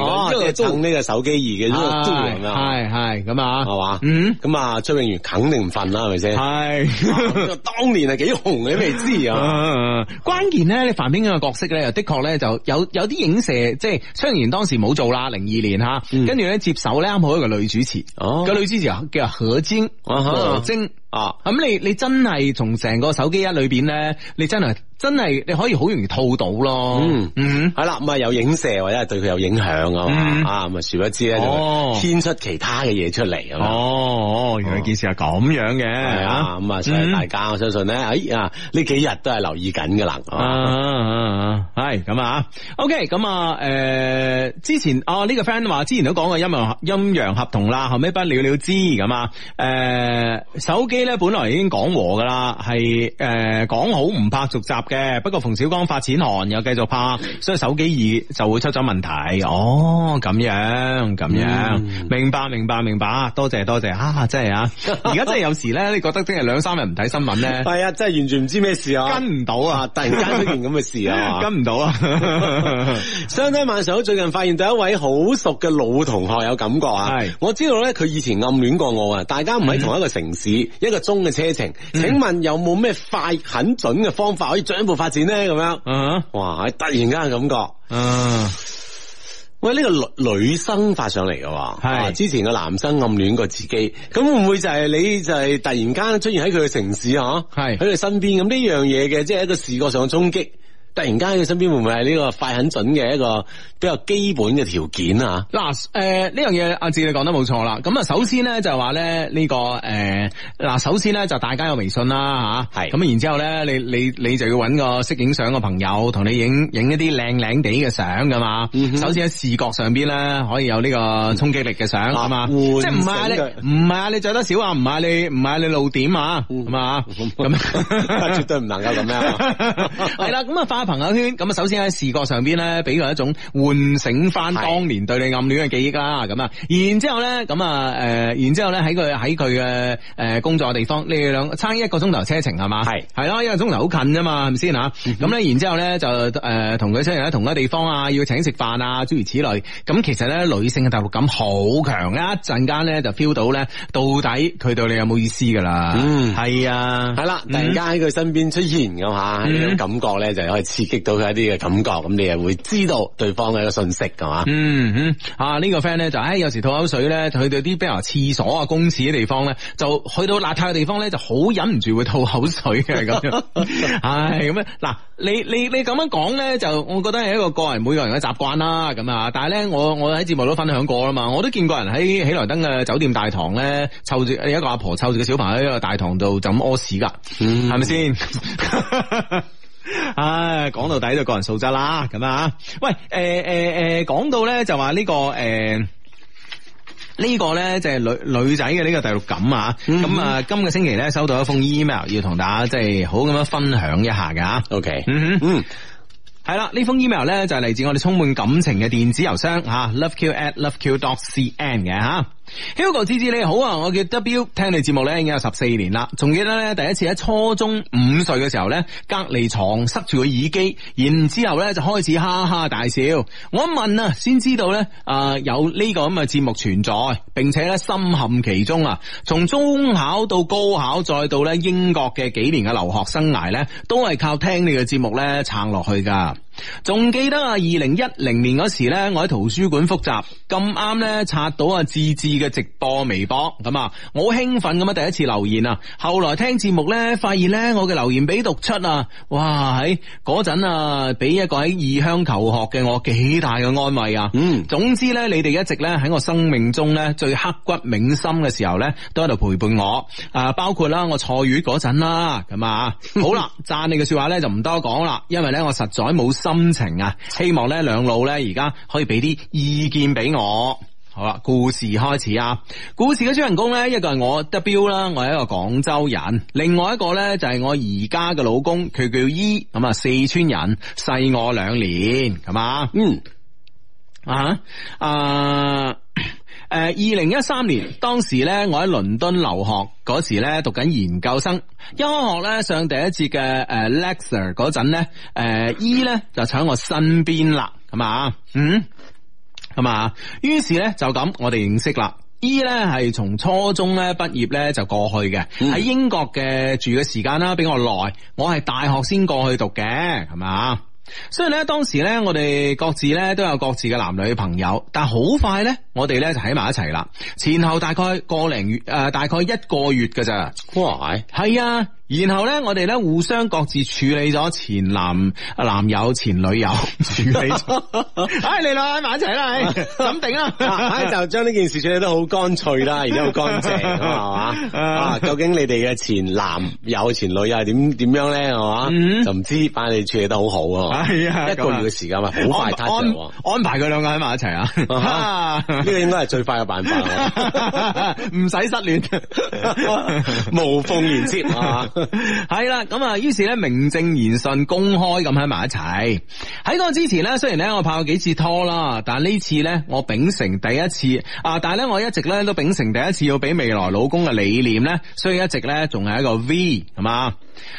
即係蹭呢個手機二嘅呢個都嚟，係係咁啊，係嘛，咁啊，崔永元肯定唔忿啦，係咪先？係當年係幾紅你都未知啊，關鍵咧，你范冰冰嘅角色咧，又的確咧就有有啲影射，即係崔永元當時冇做啦，零二年吓，跟住咧接手咧，啱好一個女主持，個女主持啊，叫何晶，何晶。啊，咁你你真係從成個手機一裏邊咧，你真係。真係你可以好容易套到咯，嗯嗯，係啦，咁啊有影射或者係對佢有影響啊咁、嗯、啊，咪殊不知咧，就牽出其他嘅嘢出嚟啊哦原來件事係咁樣嘅，係啊，咁、嗯、啊，大家我相信咧，哎啊，呢幾日都係留意緊噶啦，啊係咁啊，OK，咁啊，誒、啊啊 okay, 嗯，之前哦呢、這個 friend 話之前都講過陰陽陰陽合同啦，後尾不了了之咁啊，誒、嗯，手機咧本來已經講和噶啦，係誒講好唔拍續集。嘅，不過馮小剛發錢寒又繼續拍，所以手機二就會出咗問題。哦，咁樣，咁樣，嗯、明白，明白，明白，多謝，多謝，啊，真係啊，而家 真係有時咧，你覺得真係兩三日唔睇新聞咧，係啊 真係完全唔知咩事啊， 跟唔到啊，突然間出件咁嘅事啊，跟唔到啊。雙生晚上好，最近發現咗一位好熟嘅老同學有感覺啊，係是，我知道咧，佢以前暗戀過我啊，大家唔喺同一個城市，嗯、一個鐘嘅車程，請問有冇咩快、很準嘅方法可以追？一步發展咧咁樣，嗯，哇！突然間嘅感覺，嗯，啊、喂，呢、呢個女女生發上嚟嘅，係是 之前個男生暗戀過自己，咁會唔會就係你，就係、是、突然間出現喺佢嘅城市嗬，係喺佢身邊，咁呢樣嘢嘅，即係一個視覺上嘅衝擊。突然間喺佢身邊，會唔會係呢個快很準嘅一個比較基本嘅條件啊？嗱，誒，呢樣嘢，阿志你講得冇錯啦。咁啊首先咧，就係話咧呢個誒嗱首先，咧就大家有微信啦吓，係咁啊，然之後咧你你你就要揾個識影相嘅朋友同你影影一啲靚靚地嘅相噶嘛。首先喺視覺上邊咧可以有呢個衝擊力嘅相啊嘛，即係唔係你唔係啊你着得少啊唔係你唔係你露點啊咁，啊咁絕對唔能夠咁樣。係啦咁啊朋友圈咁啊，首先喺視覺上邊咧，俾佢一種喚醒翻當年對你暗戀嘅記憶啦是的。咁、呃、啊，然之後咧，咁啊，誒，然之後咧喺佢喺佢嘅誒工作嘅地方，你哋兩個差一個鐘頭車程係嘛？係係咯，一個鐘頭好近咋嘛？係咪先啊？咁咧，然之後咧就誒同佢出嚟喺同一地方啊，要請食飯啊，諸如此類。咁其實咧，女性嘅第六感好強，一陣間咧就 feel 到咧，到底佢對你有冇意思噶啦？嗯，係啊，係啦、嗯，突然間喺佢身邊出現咁吓，呢種、嗯嗯、感覺咧就開始。刺激到佢一啲嘅感覺，咁你又會知道對方嘅一個信息，㗎嘛？嗯嗯，啊、這個、呢個 friend 咧就，唉、哎、有時吐口水咧，去到啲比如話廁所啊、公廁嘅地方咧，就去到邋遢嘅地方咧，就好忍唔住會吐口水嘅咁樣。唉咁咧，嗱、嗯啊、你你你咁樣講咧，就我覺得係一個個人每個人嘅習慣啦，咁啊，但係咧我我喺節目都分享過啦嘛，我都見過人喺喜來登嘅酒店大堂咧，湊住一個阿婆湊住個小朋友喺個大堂度就咁屙屎噶，係咪先？唉，講、啊、到底就個人素質啦，咁啊，喂，誒誒誒，講、欸欸、到咧就話、這個欸這個、呢個誒呢個咧就係、是、女女仔嘅呢個第六感啊，咁、嗯、哼啊，今個星期咧收到一封 email 要同大家即係好咁樣分享一下嘅，OK 嗯哼嗯哼，係啦，呢封 email 咧就嚟、是、自我哋充滿感情嘅電子郵箱吓、啊、，LoveQ at LoveQ dot cn 嘅吓。啊 Hugo 芝芝你好啊，我叫 W，聽你節目咧，已經有十四年啦。仲記得咧，第一次喺初中五歲嘅時候咧，隔籬床塞住個耳機，然之後咧就開始哈哈大笑。我一問啊，先知道咧，啊、呃、有呢個咁嘅節目存在，並且咧深陷其中啊。從中考到高考，再到咧英國嘅幾年嘅留學生涯咧，都係靠聽你嘅節目咧撐落去噶。仲記得啊，二零一零年嗰時呢，我喺圖書館複習，咁啱呢，刷到啊志志嘅直播微博，咁啊，我好興奮咁樣第一次留言啊，後來聽節目呢，發現呢，我嘅留言俾讀出啊，哇喺嗰陣啊，俾一個喺異鄉求學嘅我幾大嘅安慰啊，嗯，總之呢，你哋一直呢喺我生命中呢最刻骨銘心嘅時候呢，都喺度陪伴我，啊，包括啦我坐月嗰陣啦，咁啊，好啦，讚 你嘅說話呢，就唔多講啦，因為呢，我實在冇。心情啊，希望咧兩老咧而家可以俾啲意見俾我。好啦，故事開始啊！故事嘅主人公咧一個係我 W 啦，我係一個廣州人；另外一個咧就係、是、我而家嘅老公，佢叫 E。咁啊四川人，細我兩年，係嘛？嗯啊啊！啊.誒，二零一三年當時咧，我喺倫敦留學嗰時咧，讀緊研究生。一開學咧，上第一節嘅誒 lecture 嗰陣咧，誒、uh, E 咧就坐喺我身邊啦，係嘛？嗯，係嘛？於是咧就咁，我哋認識啦。E 咧係從初中咧畢業咧就過去嘅，喺、嗯、英國嘅住嘅時間啦比我耐。我係大學先過去讀嘅，係嘛？雖然咧，當時咧，我哋各自咧都有各自嘅男女朋友，但好快咧，我哋咧就喺埋一齊啦。前後大概個零月，誒、呃，大概一個月㗎咋？哇，係啊！然後咧，我哋咧互相各自處理咗前男啊男友、前女友，處理咗。唉，你兩喺埋一齊啦，咁定啊！哎，就將呢件事處理得好乾脆啦，而家好乾淨，係嘛？啊，究竟你哋嘅前男友前女友係點點樣咧？係嘛？就唔知，把你哋處理得好好。係啊，一個月嘅時間啊，好快㗋。安安排佢兩個喺埋一齊啊？呢個應該係最快嘅辦法，唔使失戀，無縫連接啊！係啦，咁啊， 於是咧，名正言順公開咁喺埋一齊。喺嗰之前呢，雖然咧我拍過幾次拖啦，但呢次呢，我秉承第一次啊，但係咧我一直咧都秉承第一次要俾未來老公嘅理念呢。所以一直呢，仲係一個 V 係嘛。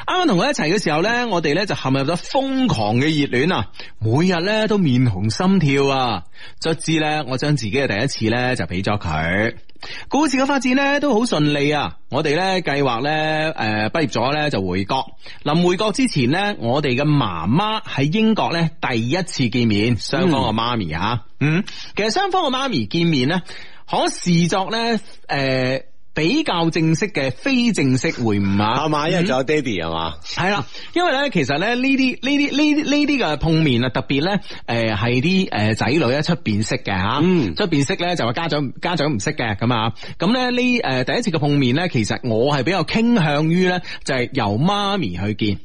啱啱同佢一齊嘅時候呢，我哋呢就陷入咗瘋狂嘅熱戀啊！每日呢都面紅心跳啊，卒之呢，我將自己嘅第一次呢就俾咗佢。故事嘅發展呢都好順利啊！我哋呢計劃呢，誒畢業咗呢就回國。臨回國之前呢，我哋嘅媽媽喺英國呢第一次見面，雙方嘅媽咪吓。嗯，嗯，其實雙方嘅媽咪見面呢，可視作呢。誒、呃。比較正式嘅非正式會晤啊，係嘛吧？嗯，因為仲有爹哋係嘛？係啦，因為咧，其實咧呢啲呢啲呢啲呢啲嘅碰面啊，特別咧誒係啲誒仔女咧出邊識嘅吓，出邊識咧就話家長家長唔識嘅咁啊，咁咧呢誒第一次嘅碰面咧，其實我係比較傾向於咧就係由媽咪去見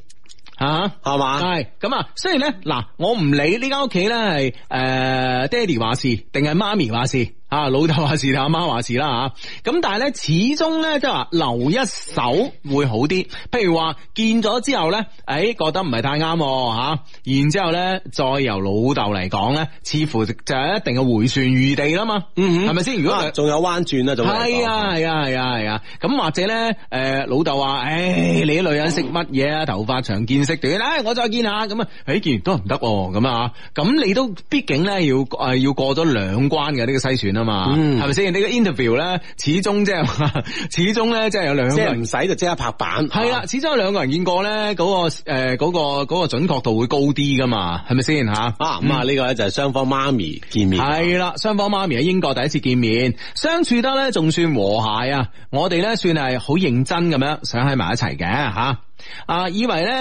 啊，係嘛吧？係咁啊，雖然咧嗱，我唔理呢間屋企咧係誒爹哋話事定係媽咪話事。啊，老豆話事阿媽話事啦吓，咁但係咧始終咧即係話留一手會好啲，譬如話見咗之後咧，誒覺得唔係太啱吓，然之後咧再由老豆嚟講咧，似乎就係一定嘅回旋餘地啦嘛，嗯係咪先？如果仲有彎轉啊，仲係啊係啊係啊係啊，咁或者咧誒老豆話，誒你女人識乜嘢啊？頭髮長見識短，誒我再見啊，咁啊，誒見完都唔得咁啊，咁你都畢竟咧要誒要過咗兩關嘅呢個篩選。啊嘛，係咪先？呢個 interview 咧、就是，始終即係始終咧，即係有兩個人唔使就即刻拍板。係啦、啊，始終有兩個人見過咧，嗰、嗰個誒，嗰、呃嗰個、嗰個準確度會高啲噶嘛？係咪先吓？啊，咁、嗯、啊，呢、呢個咧就係雙方媽咪見面。係啦，雙方媽咪喺英國第一次見面，相處得咧仲算和諧啊！我哋咧算係好認真咁樣想喺埋一齊嘅吓。啊，以為咧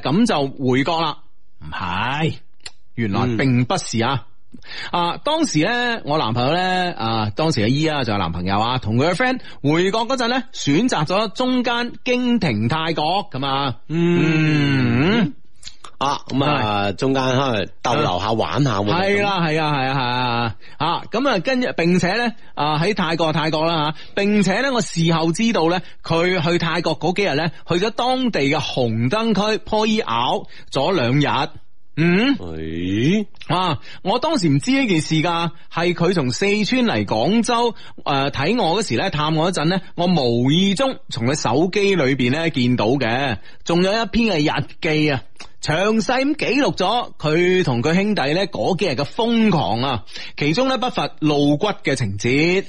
誒咁就回國啦，唔係，原來並不是啊、嗯。啊！當時咧，我男朋友咧，啊，當時阿姨啊，仲有男朋友啊，同佢個 friend 回國嗰陣咧，選擇咗中間經停泰國咁、嗯、啊，嗯，啊，咁啊，中間哈逗留下玩下，係啦，係啊，係啊，係啊，啊，咁啊，跟住並且咧，啊，喺泰國泰國啦吓，並且咧、啊啊，我事後知道咧，佢去泰國嗰幾日咧，去咗當地嘅紅燈區潑衣咬咗兩日。嗯，是啊，我當時唔知呢件事噶，係佢從四川嚟廣州誒睇、呃、我嗰時咧，探我一陣咧，我無意中從佢手機裏邊咧見到嘅，仲有一篇係日記啊，詳細咁記錄咗佢同佢兄弟咧嗰幾日嘅瘋狂啊，其中咧不乏露骨嘅情節。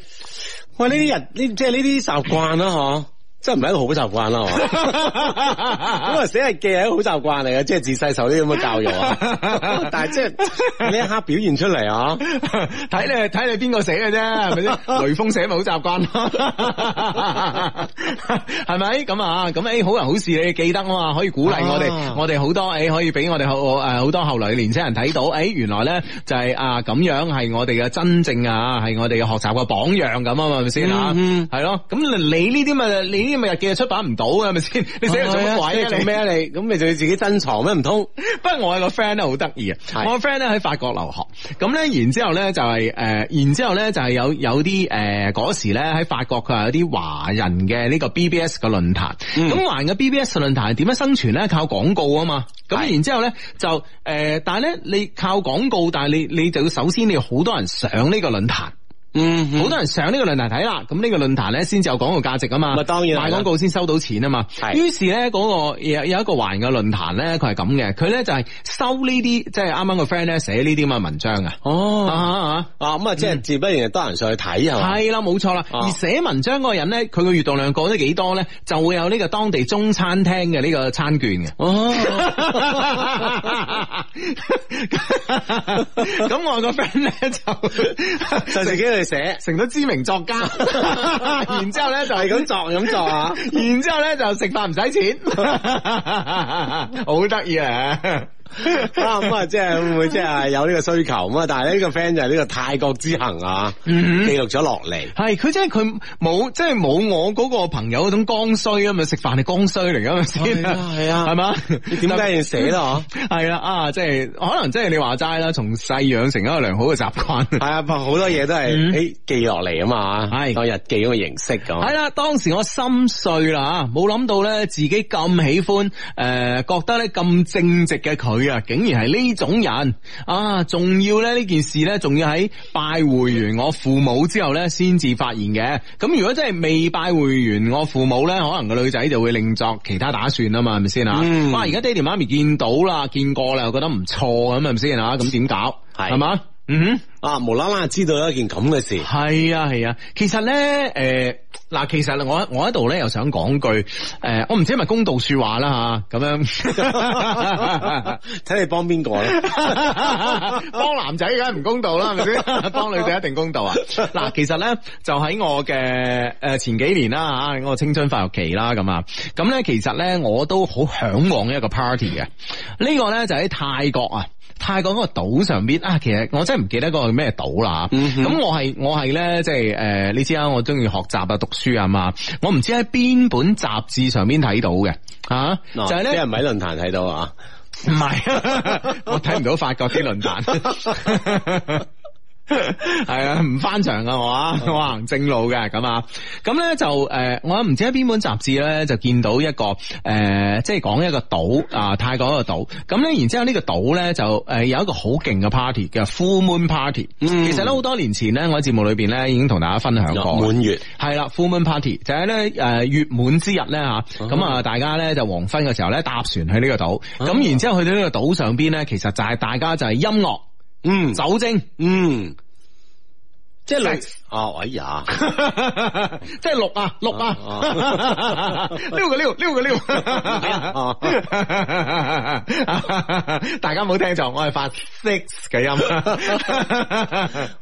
喂，呢啲人呢，即係呢啲習慣啦，嗬。 真唔係一個好習慣啦，哇！咁啊寫日記係一個好習慣嚟嘅，即係自細受啲咁嘅教育啊。 但係即係呢一刻表現出嚟啊，睇 你睇你邊個寫嘅啫？係咪 雷鋒寫咪好習慣咯，係咪咁啊？咁誒好人好事你記得啊嘛，可以鼓勵我哋，啊、我哋好多誒可以俾我哋好誒好多後來嘅年青人睇到誒，原來咧就係啊咁樣係我哋嘅真正啊係我哋嘅學習嘅榜樣咁啊，係咪先啊？嗯哼，係咯，咁你呢啲咪你？今日日記出版唔到啊，係咪先？你寫嚟做乜鬼你咩 你咁咪就要自己珍藏咩？唔通？不過我有個 friend 咧，好得意啊！我個 friend 咧喺法國留學，咁咧然之後咧就係、是、誒、呃，然之後咧就係有有啲誒，嗰、呃、時咧喺法國佢係有啲華人嘅呢個 BBS 嘅論壇，咁華、嗯、人嘅 BBS 論壇係點樣生存咧？靠廣告啊嘛！咁然之後咧就誒是的、呃，但係咧你靠廣告，但係你你就要首先你要好多人上呢個論壇。嗯，好多人上呢個論壇睇啦，咁呢個論壇咧先至有廣告價值啊嘛，當然，賣廣告先收到錢啊嘛，係。於是咧嗰個有一個華人嘅論壇咧，佢係咁嘅，佢咧就係收呢啲，即係啱啱個 friend 咧寫呢啲咁嘅文章啊。哦，啊咁啊，即係自不然又多人上去睇啊。係啦，冇錯啦。而寫文章嗰個人咧，佢個閱讀量過得幾多咧，就會有呢個當地中餐廳嘅呢個餐券嘅。哦，咁我個 friend 咧就就自己寫成咗知名作家，然之後咧就係咁作咁作，啊。然之後咧就食飯唔使錢，好得意啊！啊咁啊，即係會唔會即係有呢個需求咁啊，但係呢、這個 friend 就係、是、呢個泰國之行啊，記錄咗落嚟。係、hmm。佢即係佢冇，即係冇我嗰個朋友嗰種剛需 啊，啊，咪食飯係剛需嚟噶嘛先。係啊，係嘛，點解 要寫咯嗬？係啦、 啊，啊，即係可能即係你話齋啦，從細養成一個良好嘅習慣。係 啊，好多嘢都係誒、mm hmm。欸、記落嚟啊嘛，係個日記嗰個形式咁。係啦、啊，當時我心碎啦，冇諗到咧自己咁喜歡誒、嗯，覺得咧咁正直嘅佢。竟然係呢種人啊！仲要咧呢件事咧，仲要喺拜會完我父母之後咧，先至發現嘅。咁如果真係未拜會完我父母咧，可能個女仔就會另作其他打算啊嘛，係咪先啊？哇！而家爹哋媽咪見到啦，見過啦，又覺得唔錯咁啊，係咪先啊？咁點搞？係，係嘛？嗯哼。啊！無啦啦知道有一件咁嘅事，係啊，係啊。其實咧，誒、呃、嗱，其實我我喺度咧又想講句，誒、呃，我唔知係咪公道說話啦吓，咁、啊、樣睇 你幫邊個啦？幫 男仔梗係唔公道啦，係咪先？幫女仔一定公道啊？嗱， 其實咧就喺我嘅誒前幾年啦吓，我青春發育期啦咁啊，咁咧其實咧我都好向往一個 party 嘅，呢個咧就喺泰國啊。泰國嗰個島上邊啊，其實我真係唔記得嗰個咩島啦。咁、嗯、哼我係我係咧，即係誒，你知啦，我中意學習啊，讀書啊嘛。我唔知喺邊本雜誌上邊睇到嘅，啊，啊就係咧，啲人喺論壇睇到啊，唔係不是， 我睇唔到法國啲論壇。係 啊，唔翻牆啊，我啊，我行正路嘅，咁啊，咁咧就誒、呃，我唔知喺邊本雜誌咧就見到一個誒、呃，即係講一個島啊，泰國一個島，咁咧然之後個島呢個島咧就誒有一個好勁嘅 party 叫 Full Moon Party、嗯、其實咧好多年前咧，我喺節目裏邊咧已經同大家分享過滿月係啦，Full Moon Party 就係咧誒月滿之日咧吓，咁啊，啊大家咧就黃昏嘅時候咧搭船去呢個島，咁、啊、然之後去到呢個島上邊咧，其實就係大家就係音樂。嗯，酒精，嗯，即係哦，哎呀，即係六啊，六啊，溜個溜，溜個溜，大家唔好聽錯，我係發 six 嘅音，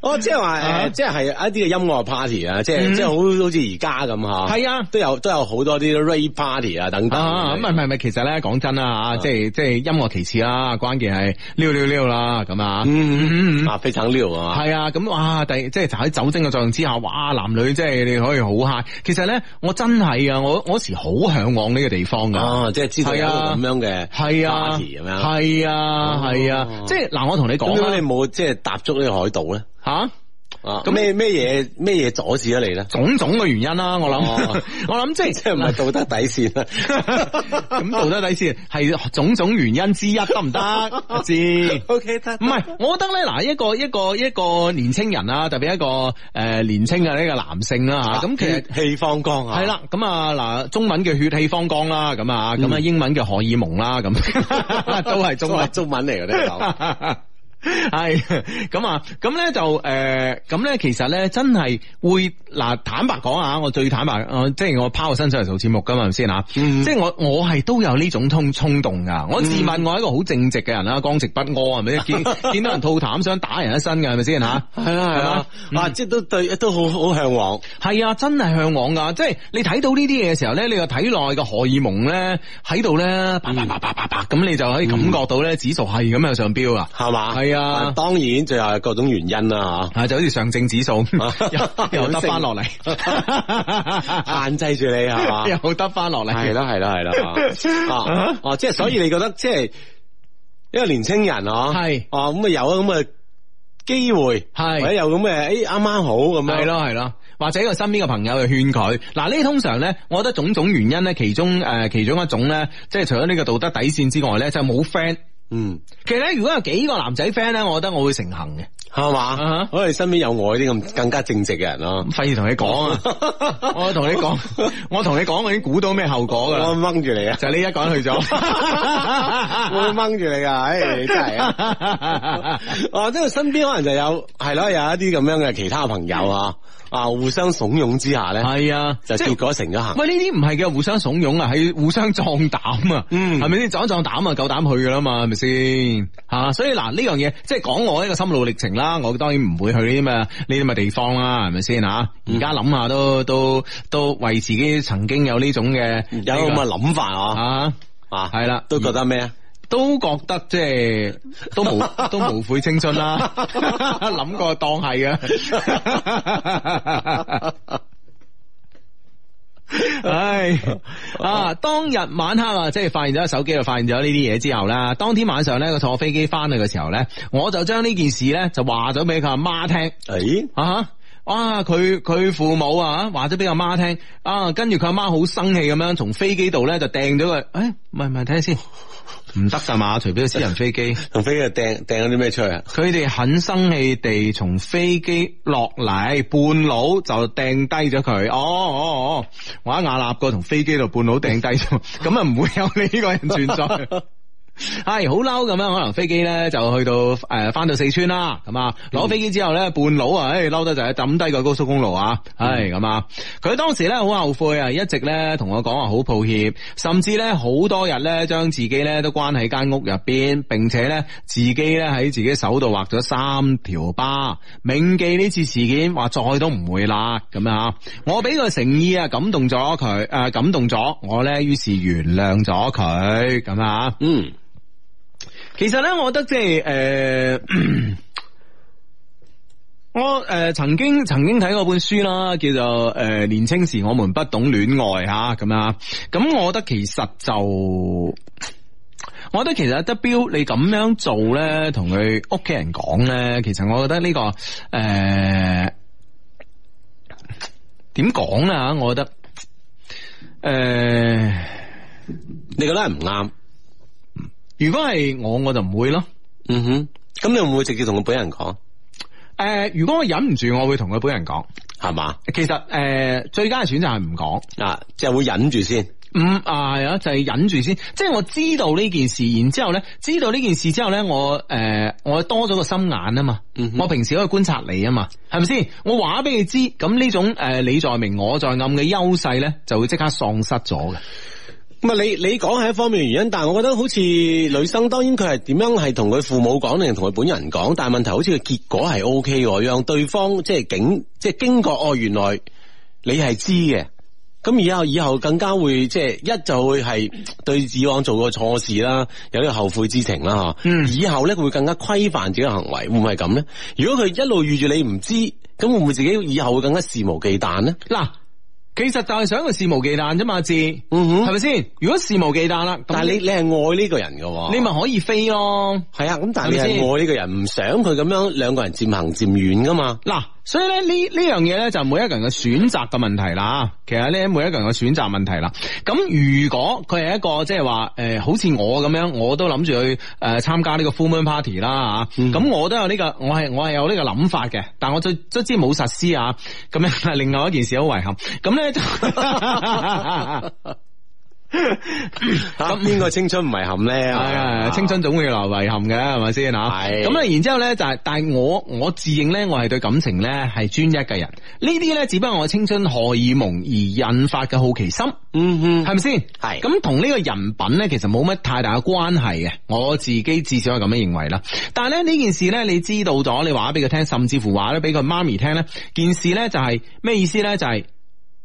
我即係話，誒，即係係一啲嘅音樂 party 啊，即係即係好好似而家咁吓，係啊，都有都有好多啲 ray party 啊等等，咁係咪係其實咧，講真啦吓，即係即係音樂其次啦，關鍵係溜溜溜啦，咁啊，啊非常溜啊，係啊，咁哇，第即係就喺酒精嘅之下，哇！男女即係你可以好嗨。其實咧，我真係啊，我我時好向往呢個地方噶，即係知道有咁樣嘅係啊，咁樣，係啊係啊，即係嗱，我同你講，點解你冇即係踏足呢個海島咧？吓？啊！咁咩咩嘢咩嘢阻止咗你咧？種種嘅原因啦、啊，我諗 我諗、就是，即係即係唔係道德底線啦。咁道德底線係種種原因之一，得唔得？知？O K，得。唔係行，我覺得咧，嗱，一個一個一個年青人啊，特別一個誒、呃、年青嘅呢個男性啦吓，咁、啊嗯、其實氣方剛啊。係啦、啊，咁啊嗱，中文叫血氣方剛啦，咁啊，咁啊，啊，英文叫荷爾蒙啦，咁、啊啊啊啊、都係中中文嚟嘅呢？講。 中文 係咁啊，咁咧就誒，咁咧其實咧真係會嗱，坦白講啊，我最坦白，即係我拋個身上嚟做節目噶嘛，先吓？即係我我係都有呢種衝衝動噶。我自問我係一個好正直嘅人啊，剛直不阿係咪？見見到人吐痰想打人一身嘅係咪先吓？係啊係啊，啊即係都對都好好向往。係啊，真係向往噶。即係你睇到呢啲嘢嘅時候咧，你個體內嘅荷爾蒙咧喺度咧啪啪啪啪啪啪咁，你就可以感覺到咧指數係咁樣上飆啊，係嘛？係。啊，當然，最後係各種原因啦，吓，係就好似上證指數又得翻落嚟，限制住你係 又得翻落嚟，係啦，係、嗯、啦，係啦、 啊，哦，即係所以你覺得即係、嗯、一個年青人是啊，係，哦，咁啊有咁嘅機會，係是，有咁嘅，誒，啱啱好咁樣，係咯，係咯，或者佢身邊嘅朋友去勸佢，嗱，呢通常咧，我覺得種種原因咧，其中誒其中一種咧，即、就、係、是、除咗呢個道德底線之外咧，就冇、是、friend。嗯， 其實咧，如果有幾個男仔 friend 咧，我覺得我會成行嘅，係嘛吧，可能、uh huh. 身邊有我呢啲咁更加正直嘅人咯。費事同你講啊， 我同你講，我同你講，我已經估到咩後果噶啦。 我掹住你啊，就呢一講去咗，我會掹住你噶，唉，真係啊。哦，即係身邊可能就有，係咯，有一啲咁樣嘅其他朋友啊。 啊！互相慫恿之下咧，係啊，就結果成咗行。喂，呢啲唔係嘅，互相慫恿啊，係互相壯膽啊。嗯，係咪先壯一壯膽啊？夠膽去噶啦嘛，係咪先？吓、啊，所以嗱，呢樣嘢即係講我呢個心路歷程啦。我當然唔會去呢啲啊，呢啲咁嘅地方啦，係咪先？吓，而家諗下都、嗯、都都，都，都為自己曾經有呢種嘅有咁嘅諗法啊啊，係啦，都覺得咩啊？都覺得即係都無都無悔青春啦，諗 過，當係嘅，唉啊！當日晚黑啊，即係發現咗手機度發現咗呢啲嘢之後啦，當天晚上咧，佢坐飛機翻去嘅時候咧，我就將呢件事咧就話咗俾佢阿媽聽，誒啊、欸！ 啊，佢佢父母啊，話咗俾阿媽聽，啊，跟住佢阿媽好生氣咁樣，從飛機度咧就掟咗佢。誒，唔係唔係，睇下先看看，唔得噶嘛，除非個私人飛機，從飛機度掟掟咗啲咩出嚟，啊？佢哋很生氣地從飛機落嚟，半路就掟低咗佢。哦哦哦，我喺亞納個，同飛機度半路掟低咗，咁啊唔會有你呢個人存在。 係好嬲咁樣，可能飛機呢就去到誒翻、呃、到四川啦，咁啊攞飛機之後呢，半老啊，誒、欸、嬲得就喺抌低個高速公路啊，係咁啊！佢當時呢，好後悔啊，一直呢，同我講話好抱歉，甚至呢，好多日呢，將自己呢都關喺間屋入邊，並且呢，自己呢喺自己手度畫咗三條疤，銘記呢次事件，話再都唔會啦咁啊！我俾個誠意啊感動咗佢，誒、呃、感動咗我呢，於是原諒咗佢咁啊！嗯。其實咧，我覺得即係誒，我誒、呃、曾經曾經睇過本書啦，叫做誒、呃、年青時我們不懂戀愛吓咁樣。咁我覺得其實就，我覺得其實阿德彪你咁樣做咧，同佢屋企人講咧，其實我覺得、這個呃、呢個誒點講咧吓，我覺得誒、呃、你覺得係唔啱。如果係我，我就唔會咯。嗯哼，咁你會唔會直接同佢本人講？誒、呃，如果我忍唔住，我會同佢本人講，係嘛吧？其實誒、呃，最佳選擇係唔講啊，就會忍住先。唔、嗯、啊，啊，就係、是、忍住先。即係我知道呢件事，然之後咧，知道呢件事之後咧，我誒、呃，我多咗個心眼啊嘛。嗯、哼我平時可以觀察你啊嘛，係咪先？我話俾你知，咁呢種誒你在明我在暗嘅優勢咧，就會即刻喪失咗嘅。唔，你你講係一方面原因，但係我覺得好似女生，當然佢係點樣係同佢父母講，定同佢本人講，但係問題好似個結果係 O K 嘅，讓對方即係警，即係經過哦，原來你係知嘅，咁以後以後更加會即係一就會係對以往做過錯事啦，有啲後悔之情啦吓，嗯，以後咧佢會更加規範自己嘅行為，會唔會係咁咧？如果佢一路預住你唔知，咁會唔會自己以後會更加肆無忌憚呢？嗱。其實就係想佢肆無忌憚啫嘛，字、啊，嗯哼，係咪先？如果肆無忌憚啦，但係你你係愛呢個人嘅，你咪可以飛咯。係啊，咁但係你係愛呢個人唔吧想佢咁樣兩個人漸行漸遠噶嘛。嗱。所以咧呢呢樣嘢咧就每一個人嘅選擇嘅問題啦，其實咧每一個人嘅選擇問題啦。咁如果佢係一個即係話誒，好似我咁樣，我都諗住去誒參、呃、加呢個 full moon party 啦吓。咁、啊嗯、我都有呢、這個，我係我係有呢個諗法嘅，但我最卒之冇實施啊。咁樣係另外一件事好遺憾。咁咧。 邊個青春唔遺憾咧？係啊， 青春總會留遺憾嘅，係咪先？吓是，係。咁咧，然之後咧就係、是，但係我我自認咧，我係對感情咧係專一嘅人。呢啲咧只不過我青春荷爾蒙而引發嘅好奇心，嗯嗯，哼，係咪先？係是。咁同呢個人品咧，其實冇乜太大嘅關係嘅。我自己至少係咁樣認為啦。但係咧呢件事咧，你知道咗，你話咗俾佢聽，甚至乎話咗俾佢媽咪聽咧，件事咧就係、是、咩意思咧？就係、是。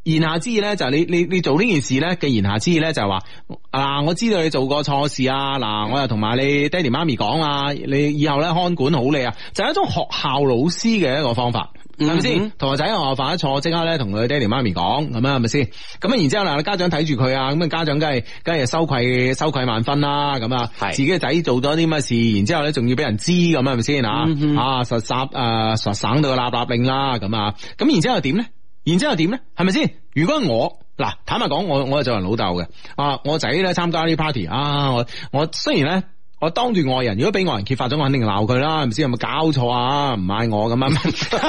言下之意咧，就係、你你你做呢件事咧嘅言下之意咧，就係話嗱，我知道你做過錯事啊，嗱，我又同埋你爹哋媽咪講啊，你以後咧看管好你啊，就係、是、一種學校老師嘅一個方法，係咪先？同學仔喺學校犯咗錯，即刻咧同佢爹哋媽咪講，咁啊係咪先？咁啊，然之後咧，家長睇住佢啊，咁啊家長梗係梗係羞愧羞愧萬分啦，咁啊，自己嘅仔做咗啲乜事，然之後咧仲要俾人知，咁係咪先啊？嗯、哼啊，實殺啊、呃，實省到個立立令啦，咁啊，咁然之後點咧？然之後點咧？係咪先？如果我嗱，坦白講，我我係做人老豆嘅啊，我仔咧參加啲 party 啊，我我雖然咧我當住外人，如果俾外人揭發咗，我肯定鬧佢啦，唔知有冇搞錯啊？唔係我咁樣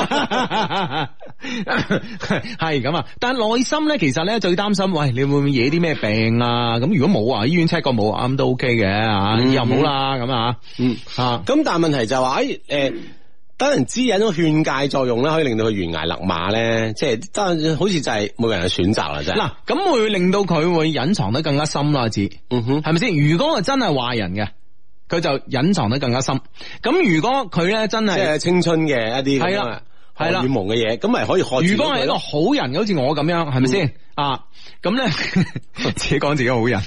啊？係咁啊？但內心咧，其實咧，最擔心喂，你會唔會惹啲咩病啊？咁如果冇啊，醫院 check 過冇，咁都 OK 嘅啊，又冇啦咁啊，啊，咁但係問題就係話、是、誒，誒、呃。當然知，指引咗勸誡作用咧，可以令到佢懸崖勒馬咧，即係真好似就係每個人嘅選擇啦，啫。嗱，咁會令到佢會隱藏得更加深咯，子。嗯哼，係咪先？如果我真係壞人嘅，佢就隱藏得更加深。咁、嗯、哼如果佢咧真係即係青春嘅一啲係啊。係啦，羽嘅嘢咁咪可以如果係一個好人，好似我咁樣，係咪先？啊，咁咧，自己講自己好人，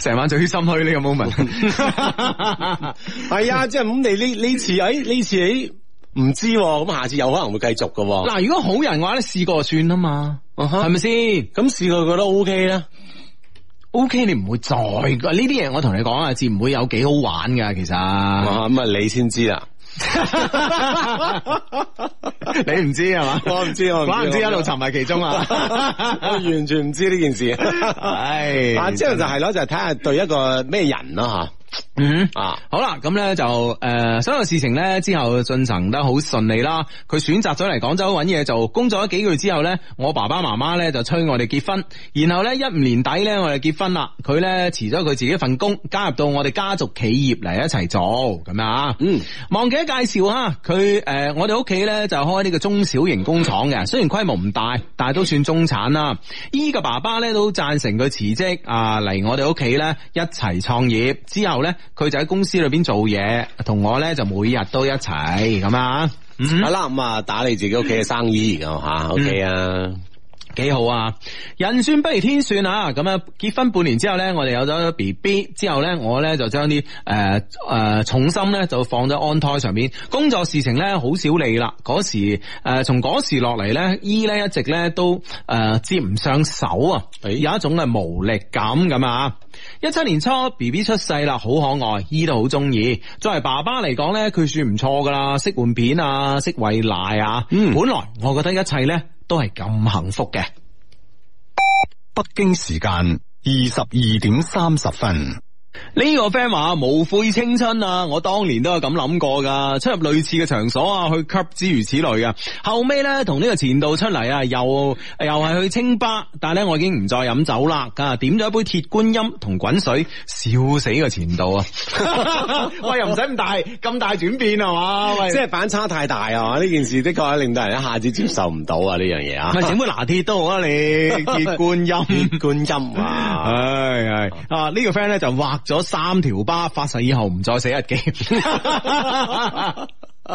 成晚最心虛呢個 moment。係啊，即係咁你呢呢次，誒呢次，誒唔知咁下次有可能會繼續噶。嗱，如果好人嘅話咧，試過算啦嘛，係咪先？咁試過覺得 OK 啦 OK 你唔會再呢啲嘢。我同你講啊，至唔會有幾好玩噶，其實。咁啊，你先知啦。 你唔知係嘛？我唔知我，我唔知一路沉迷其中啊！ 我完全唔知呢件事。唉、 哎，啊、就係，即係行就係咯，就睇下對一個咩人咯吓。嗯、mm hmm. 啊，好啦，咁呢就誒、呃，所有事情呢，之後進行得好順利啦。佢選擇咗嚟廣州揾嘢做，工作咗幾個月之後呢，我爸爸媽媽呢就催我哋結婚。然後呢，一五年底呢，我哋結婚啦。佢呢，辭咗佢自己份工，加入到我哋家族企業嚟一齊做咁樣啊。嗯，忘記介紹哈，佢誒、呃，我哋屋企呢，就開呢個中小型工廠嘅，雖然規模唔大，但係都算中產啦。依、呢個爸爸呢，都贊成佢辭職啊嚟我哋屋企呢，一齊創業之後。咧，佢就喺公司裏邊做嘢，同我咧就每日都一齊咁啊，好啦，咁啊打理自己屋企嘅生意咁吓，OK 啊。幾好啊！人算不如天算啊！咁啊，結婚半年之後呢，我哋有咗 B B 之後呢，我呢就將啲誒誒重心呢就放咗安胎上面。工作事情呢，好少理啦。嗰時誒，從、呃、嗰時落嚟呢，姨呢一直呢都誒、呃、接唔上手啊，有一種嘅無力感咁啊！一七年初 B B 出世啦，好可愛，姨都好中意。作為爸爸嚟講呢，佢算唔錯噶啦，識換片啊，識餵奶啊。嗯、本來我覺得一切呢，都係咁幸福嘅。北京時間二十二點三十分。呢個 friend 話無悔青春啊！我當年都有咁諗過噶，出入類似嘅場所啊，去 club 之如此類嘅。後尾咧，同呢個前度出嚟啊，又又係去清吧，但係咧，我已經唔再飲酒啦。噶點咗一杯鐵觀音同滾水，笑死個前度啊！ 喂，又唔使咁大咁大轉變啊嘛？喂，即係反差太大啊嘛！呢件事的確係令到人一下子接受唔到啊！呢樣嘢啊，係 整杯拿鐵都好啊！你鐵觀音， 觀音啊！唉、哎，係、哎、啊！呢、這個 friend 咧就話。咗三條疤，發誓以後唔再寫日記。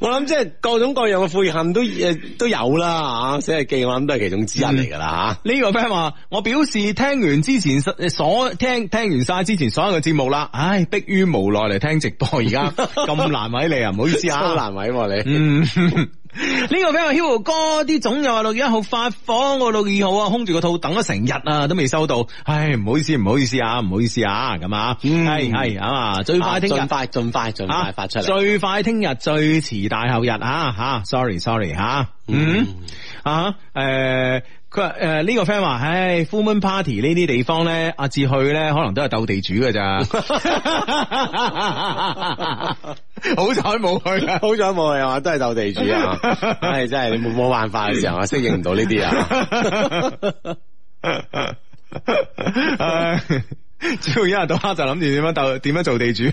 我諗即係各種各樣嘅悔恨都誒、呃、都有啦，啊！寫日記我諗都係其中之一嚟噶啦，吓、嗯。呢、啊、個 friend 話：我表示聽完之前所聽聽完晒之前所有嘅節目啦，唉，逼於無奈嚟聽直播而家咁難為你啊！唔 好意思啊，好難為你、啊，嗯。 呢個俾我 Hugo 哥啲總又話六月一號發貨，我六月二號啊，空住個肚等咗成日啊，都未收到。唉，唔好意思，唔好意思啊，唔好意思啊，咁啊，係係啊，最快聽日，盡快盡快盡快發出嚟、啊，最快聽日，最遲大後日啊，吓，sorry sorry 吓、啊，嗯，嗯啊，誒、呃。佢話：誒呢、呃呢個 friend 話，唉，full moon party 呢啲地方咧，阿志去咧，可能都係鬥地主㗎咋 好彩冇去，好彩冇去，話都係鬥地主啊！唉， 真係你冇冇辦法嘅時候啊，適應唔到呢啲啊。 uh, 主要一日到黑就諗住點樣鬥點樣做地主，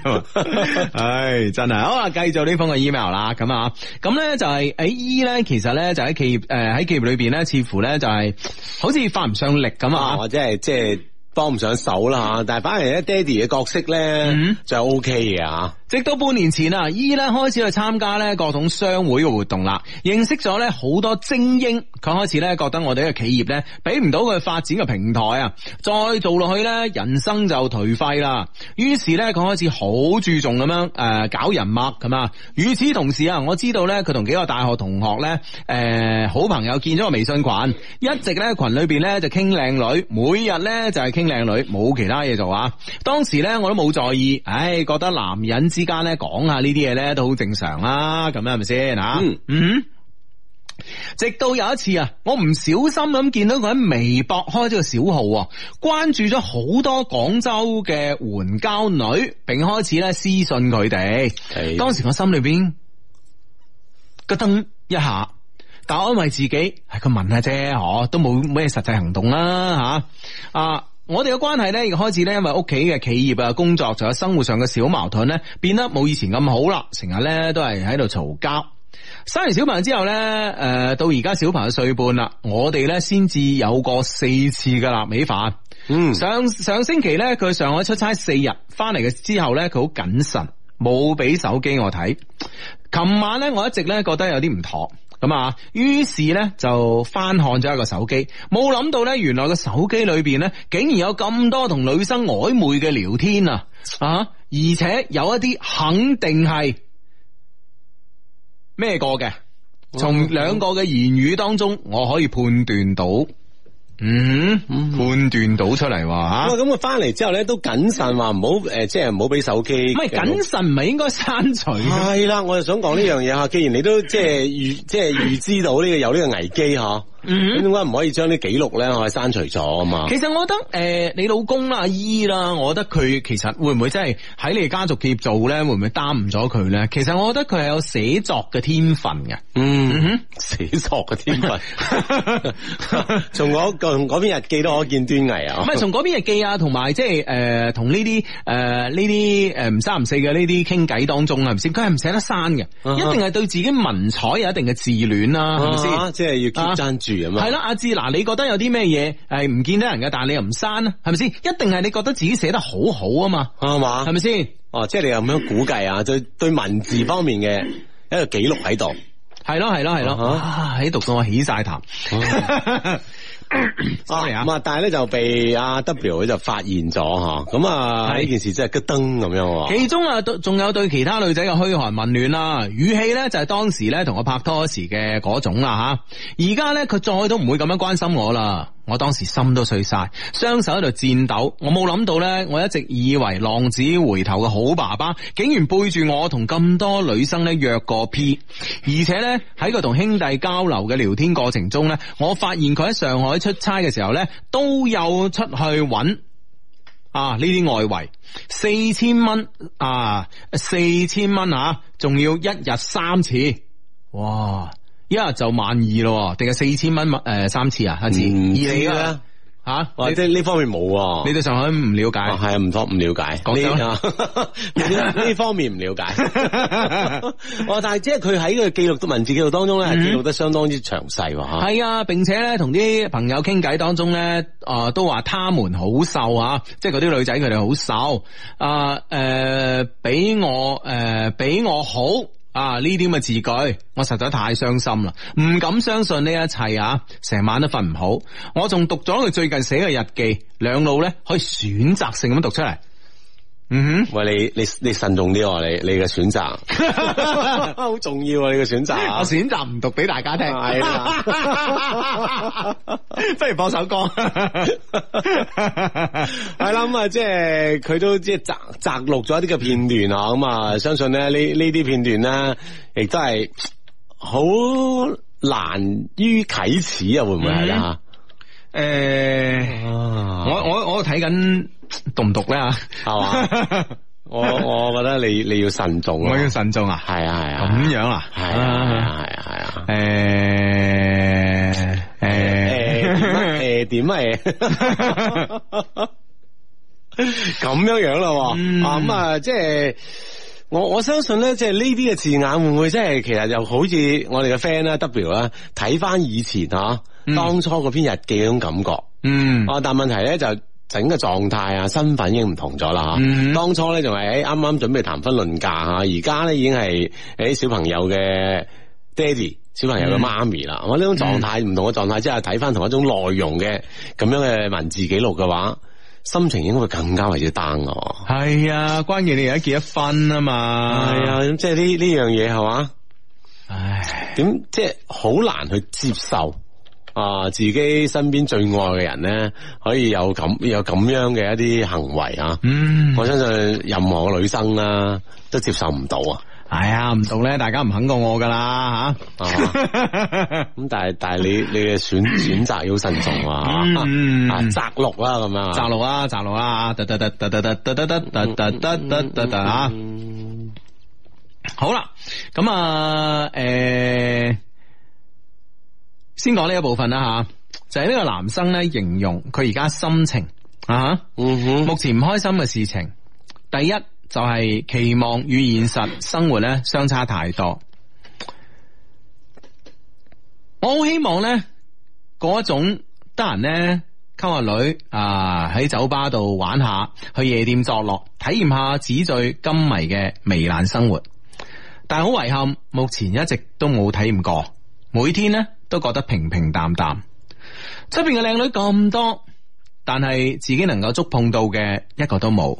唉、 哎，真係。好啊，繼續呢封嘅 email 啦。咁啊，咁咧就係誒 E 咧，其實咧就喺企業誒喺企業裏邊咧，似乎咧就係好似發唔上力咁啊，或者係即係幫唔上手啦。但係反而咧，爹哋嘅角色咧、嗯、就係 OK 嘅啊。直到半年前啊姨咧開始去參加咧各種商會嘅活動啦，認識咗咧好多精英，佢開始咧覺得我哋嘅企業咧俾唔到佢發展嘅平台啊，再做落去咧人生就頹廢啦。於是咧佢開始好注重咁樣誒搞人脈咁啊。與此同時啊，我知道咧佢同幾個大學同學咧誒、呃、好朋友建咗個微信群，一直咧群裏邊咧就傾靚女，每日咧就係傾靚女，冇其他嘢做啊。當時咧我都冇在意，唉，覺得男人。之間咧講下呢啲嘢咧都好正常啦，啊，咁係咪先吓？嗯，直到有一次啊，我唔小心咁見到佢喺微博開咗個小號，關注咗好多廣州嘅援交女，並開始咧私信佢哋。是當時我心裏邊，咯噔一下，但安慰自己係佢、哎、問下啫，嗬，都冇咩實際行動啦，吓啊！啊我哋嘅關係咧，亦開始咧，因為屋企嘅企業啊、工作，仲有生活上嘅小矛盾咧，變得冇以前咁好啦。成日咧都係喺度嘈交。生完小朋友之後咧，誒、呃，到而家小朋友歲半啦，我哋咧先至有過四次嘅臘味飯。嗯，上上星期咧，佢上海出差四日，翻嚟嘅之後咧，佢好謹慎，冇俾手機我睇。琴晚咧，我一直咧覺得有啲唔妥。咁啊，於是咧就翻看咗一個手機，冇諗到咧，原來個手機裏邊咧竟然有咁多同女生曖昧嘅聊天啊，啊，而且有一啲肯定係咩過嘅，從兩個嘅言語當中我可以判斷到。嗯，判斷到出嚟話吓，咁佢翻嚟之後咧都謹慎話唔好誒，即係唔好俾手機。唔係謹慎唔係應該刪除？係啦，我就想講呢樣嘢吓， 既然你都即係預即係預知到呢個有呢個危機吓。 啊你點解唔可以將啲記錄咧，我哋刪除咗啊嘛？其實我覺得，誒，你老公啦、阿姨啦，我覺得佢其實會唔會真係喺你家族企業做咧？會唔會耽誤咗佢咧？其實我覺得佢係有寫作嘅天分嘅。嗯，寫作嘅天分，從嗰邊日記都可見端倪啊。唔係從嗰邊日記啊，同埋即係誒，同呢啲誒呢啲誒唔三唔四嘅呢啲傾偈當中啊。唔先，佢係唔捨得刪嘅，一定係對自己文采有一定嘅自戀啦，係咪先？即係要係啦，阿志，嗱，你覺得有啲咩嘢係唔見得人嘅，但係你又唔刪，啊，係咪先？一定係你覺得自己寫得好好啊嘛，係嘛吧，係咪先？哦，即係你又咁樣估計啊？就對對，文字方面嘅一個記錄喺度，係咯，係咯，係咯，喺度叫我起晒痰。 啊嘛，但係咧就被阿 W 就發現咗吓，咁 啊呢件事真係吉噔咁樣。其中啊，仲有對其他女仔嘅噓寒問暖啦、啊，語氣咧就係、是、當時咧同我拍拖時嘅嗰種啦、啊。吓、啊，而家咧佢再都唔會咁樣關心我啦。我當時心都碎晒，雙手喺度顫抖。我冇諗到呢，我一直以為浪子回頭嘅好爸爸，竟然背住我同咁多女生呢約個 P，而且呢，喺佢同兄弟交流嘅聊天過程中呢，我發現佢喺上海出差嘅時候呢，都有出去揾啊呢啲外圍，四千蚊啊，四千蚊啊，仲要一日三次，哇！一日，yeah, 就萬二咯，定係四千蚊？誒、呃、三次、嗯、次啊，一次二你咧吓？你對呢方面冇喎、啊。你對上海唔了解？係啊，唔多唔了解。呢呢方面唔了解。我但係即係佢喺個記錄文字記錄當中咧，記錄得相當之詳細喎。係、mm hmm. 啊，並且咧同啲朋友傾偈當中咧，啊、呃、都話他們好瘦啊，即係嗰啲女仔佢哋好瘦。啊、呃、誒、呃，比我誒、呃、比我好。啊！呢啲咁嘅字句，我實在太傷心啦，唔敢相信呢一切啊，成晚都瞓唔好。我仲讀咗佢最近寫嘅日記，兩路咧可以選擇性咁讀出嚟。嗯哼，喂，你你你慎重啲喎，你你嘅選擇，好重要啊！你嘅選擇，我選擇唔讀俾大家聽，係 不如播 首歌，係 啦，咁、嗯、啊，即係佢都即係摘摘錄咗一啲嘅片段啊，咁、嗯、啊，嗯、哼相信咧呢呢啲片段咧，亦都係好難於啟齒啊，會唔會係啊？嗯誒、欸，我我我睇緊讀唔讀咧吓，係嘛？我讀讀我，我覺得你你要慎重，我要慎重啊，係啊係啊，咁樣啊，係啊係啊係啊，誒誒誒點誒咁樣樣啦？咁啊，即係我我相信咧，即係呢啲嘅字眼會唔會即係其實就好似我哋嘅 friend 咧，W 啦，睇翻以前啊。當初嗰篇日記嗰種感覺，嗯，哦，但問題咧就整個狀態啊，身份、嗯就是欸、已經唔同咗啦吓。當初咧就係誒啱啱準備談婚論嫁吓，而家咧已經係誒小朋友嘅爹哋，小朋友嘅媽咪啦。我呢、嗯、種狀態唔同嘅狀態，之下，睇翻同一種內容嘅咁樣嘅文字記錄嘅話，心情應該會更加為之 down 咯。係啊，關鍵你而家結咗婚啊嘛，啊，哎、呀即係呢呢樣嘢係嘛，唉，點即係好難去接受。啊！自己身邊最愛嘅人咧，可以有咁有咁樣嘅一啲行為啊！嗯，我相信任何女生啦，都接受唔到啊！係啊，唔同咧，大家唔肯過我噶啦吓。咁但係但係你你嘅選選擇要慎重啊！嗯啊，擇路啦咁樣，擇路啊擇路啊！得得得得得得得得得得得得得啊！好啦，咁啊誒。先講呢一部分啦，吓、啊、就係、是、呢個男生咧，形容佢而家心情啊。目前唔開心嘅事情，第一就係、是、期望與現實生活咧相差太多。我好希望咧嗰一種得閒呢溝下女啊，喺酒吧度玩下，去夜店作樂，體驗下紙醉金迷嘅糜爛生活。但係好遺憾，目前一直都冇體驗過。每天呢。都覺得平平淡淡，出邊嘅靚女咁多，但係自己能夠觸碰到嘅一個都冇，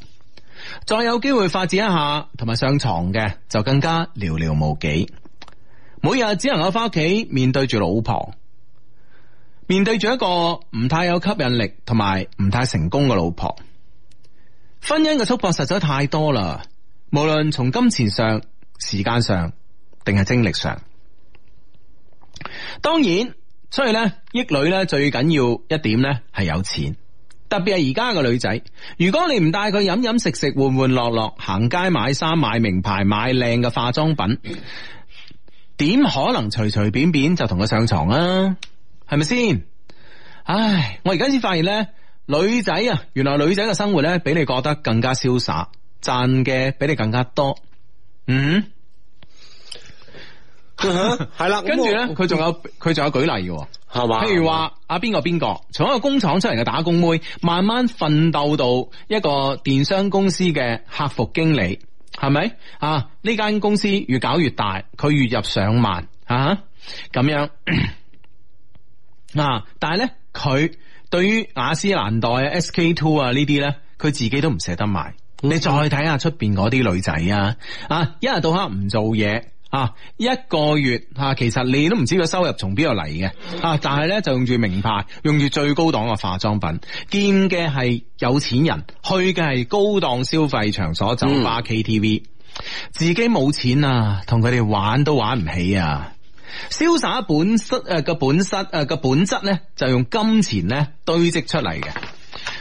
再有機會發展一下同埋上床嘅就更加寥寥無幾。每日只能夠翻屋企面對住老婆，面對住一個唔太有吸引力同埋唔太成功嘅老婆，婚姻嘅束縛實在太多啦。無論從金錢上、時間上定係精力上。當然，所以咧，益女咧最緊要一點咧係有錢，特別係而家個女仔，如果你唔帶佢飲飲食食、玩玩樂樂、行街買衫、買名牌、買靚嘅化妝品，點 可能隨隨便便就同佢上床啊？係咪先？唉，我而家先發現呢，女仔啊，原來女仔嘅生活呢，比你覺得更加瀟灑，賺嘅比你更加多，嗯？係啦，跟住咧，佢仲有佢仲有舉例嘅，係嘛吧？譬如話啊邊個邊個從一個工廠出嚟嘅打工妹，慢慢奮鬥到一個電商公司嘅客服經理，係咪啊？呢間公司越搞越大，佢月入上萬啊，咁樣 啊！但係咧，佢對於雅詩蘭黛啊、SK two 啊，呢啲咧，佢自己都唔捨得買。像你再睇下出邊嗰啲女仔啊，啊，一日到黑唔做嘢。啊，一個月吓、啊，其實你都唔知個收入從邊度嚟嘅啊！但係咧就用住名牌，用住最高檔嘅化妝品，見嘅係有錢人，去嘅係高檔消費場所 TV、嗯、酒吧、K T V，自己冇錢啊，同佢哋玩都玩唔起啊！瀟灑本色誒嘅本色誒嘅本質咧，就用金錢咧堆積出嚟嘅，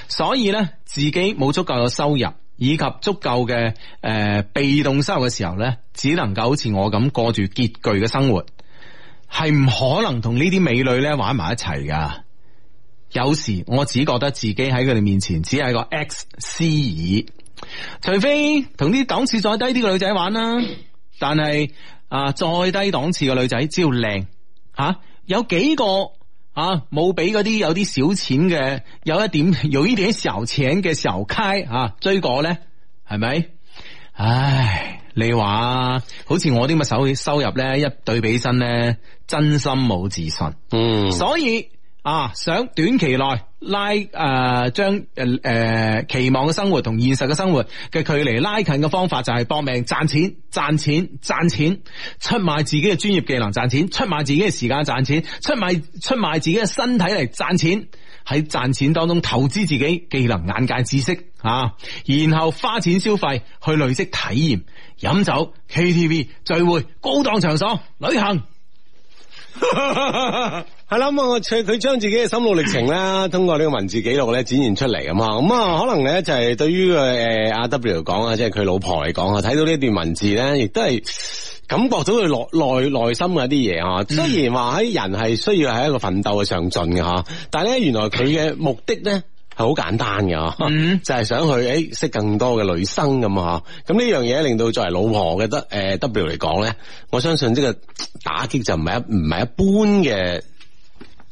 所以咧自己冇足夠嘅收入。以及足夠嘅誒被動收入嘅時候咧，只能夠好似我咁過住拮據嘅生活，係唔可能同呢啲美女咧玩埋一齊噶。有時我只覺得自己喺佢哋面前只係個 X C 而已。除非同啲檔次再低啲嘅女仔玩啦。但係啊，再低檔次嘅女仔，只要靚吓，啊，有幾個。啊！冇俾嗰啲有啲小錢嘅，有一點有一點小錢嘅時候客啊追過咧，係咪？唉，你話好似我啲咁嘅手收入咧，一對比起身咧，真心冇自信。嗯，所以。啊！想短期內拉誒，將誒誒期望嘅生活同現實嘅生活嘅距離拉近嘅方法，就係搏命賺錢、賺錢、賺錢，出賣自己嘅專業技能賺錢，出賣自己嘅時間賺錢，出賣出賣自己嘅身體嚟賺錢。喺賺錢當中投資自己技能、眼界、知識啊，然後花錢消費去累積體驗、飲酒、KTV、聚會、高檔場所、旅行。 係啦，咁啊，佢佢將自己嘅心路歷程咧，通過呢個文字記錄咧，展現出嚟咁啊，咁、嗯、啊，可能咧就係對於誒阿 W 講啊，即係佢老婆嚟講啊，睇到呢段文字咧，亦都係感覺到佢內內內心嗰啲嘢啊。雖然話喺人係需要係一個奮鬥嘅上進嘅，嗬，但係咧原來佢嘅目的咧係好簡單嘅就係、是、想去誒識更多嘅女生咁啊。咁呢樣嘢令到作為老婆嘅得誒 W 嚟講咧，我相信呢個打擊就唔係一唔係一般嘅。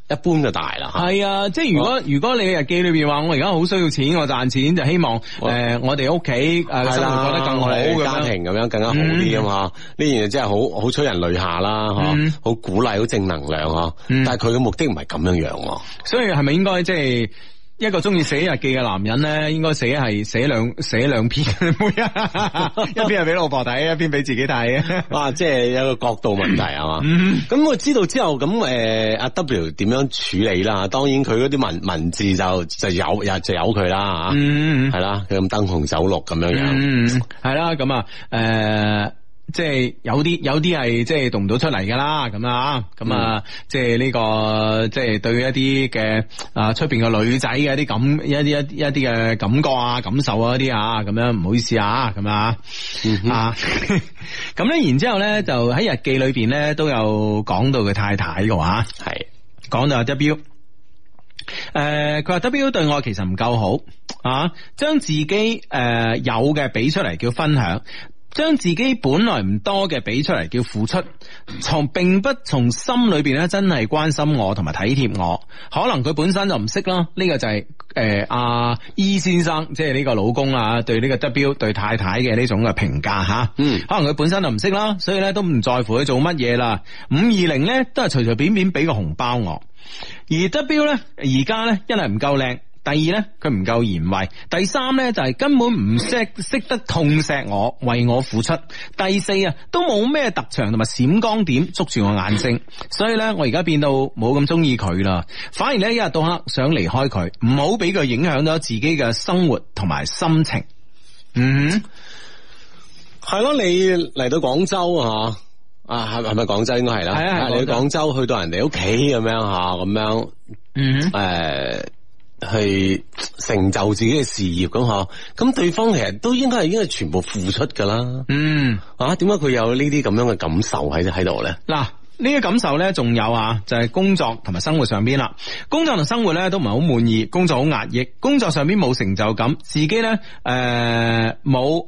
一般就大啦，係啊，即係如果、啊、如果你嘅日記裏邊話我而家好需要錢，我賺錢就希望誒、啊呃、我哋屋企誒生活過、啊、得更好，家庭咁樣更加好啲啊嘛，呢樣嘢真係好好催人淚下啦，嗬、嗯，好鼓勵好正能量、嗯、的的啊。但係佢嘅目的唔係咁樣樣，所以係咪應該即係？就是一個中意寫日記嘅男人咧，應該寫係寫兩寫兩篇，每一邊係俾老婆睇，一邊俾自己睇。 哇，即係有個角度問題係嘛？咁我知道之後咁誒，阿 W 點樣處理啦？當然佢嗰啲文文字就就有有就有佢啦吓，係、嗯、啦，佢咁燈紅酒綠咁樣樣，係啦咁啊，誒、嗯。嗯即係有啲有啲係即係讀唔到出嚟噶啦咁啦，咁啊即係呢、這個即係對一啲嘅啊出邊嘅女仔嘅一啲感一啲一一啲嘅感覺啊感受啊啲啊咁樣唔好意思啊咁啊啊咁咧，嗯、哼 然之後咧就喺日記裏邊咧都有講到佢太太嘅話，係是講到阿 W，誒佢話 W 對我其實唔夠好啊，將自己誒、呃、有嘅俾出嚟叫分享。將自己本來唔多嘅俾出嚟叫付出，從並不從心裏邊咧真係關心我同埋體貼我，可能佢本身就唔識啦。呢個就係誒阿 E 先生即係呢個老公啊，對呢個 W 對太太嘅呢種嘅評價吓，嗯，可能佢本身就唔識啦，所以咧都唔在乎佢做乜嘢啦。五二零咧都係隨隨便便俾個紅包我，而 W 咧而家咧因為唔夠靚。第二呢，佢唔夠賢惠；第三呢，就係根本唔識識得痛錫我，為我付出。第四啊，都冇咩特長同埋閃光點捉住我眼睛。所以呢，我而家變到冇咁中意佢啦。反而呢，一日到黑想離開佢，唔好俾佢影響到自己嘅生活同埋心情。嗯，係咯，你嚟到廣州啊？啊，係咪廣州講真？應該係啦。係啊，你廣州去到人哋屋企咁樣吓，咁樣嗯誒。呃係成就自己嘅事業咁嗬，咁對方其實都應該係已經係全部付出噶啦。嗯，啊，點解佢有呢啲咁樣嘅感受喺喺度咧？嗱，呢啲感受咧仲有啊，就係、是、工作同埋生活上邊啦。工作同生活咧都唔係好滿意，工作好壓抑，工作上邊冇成就感，自己咧誒冇。呃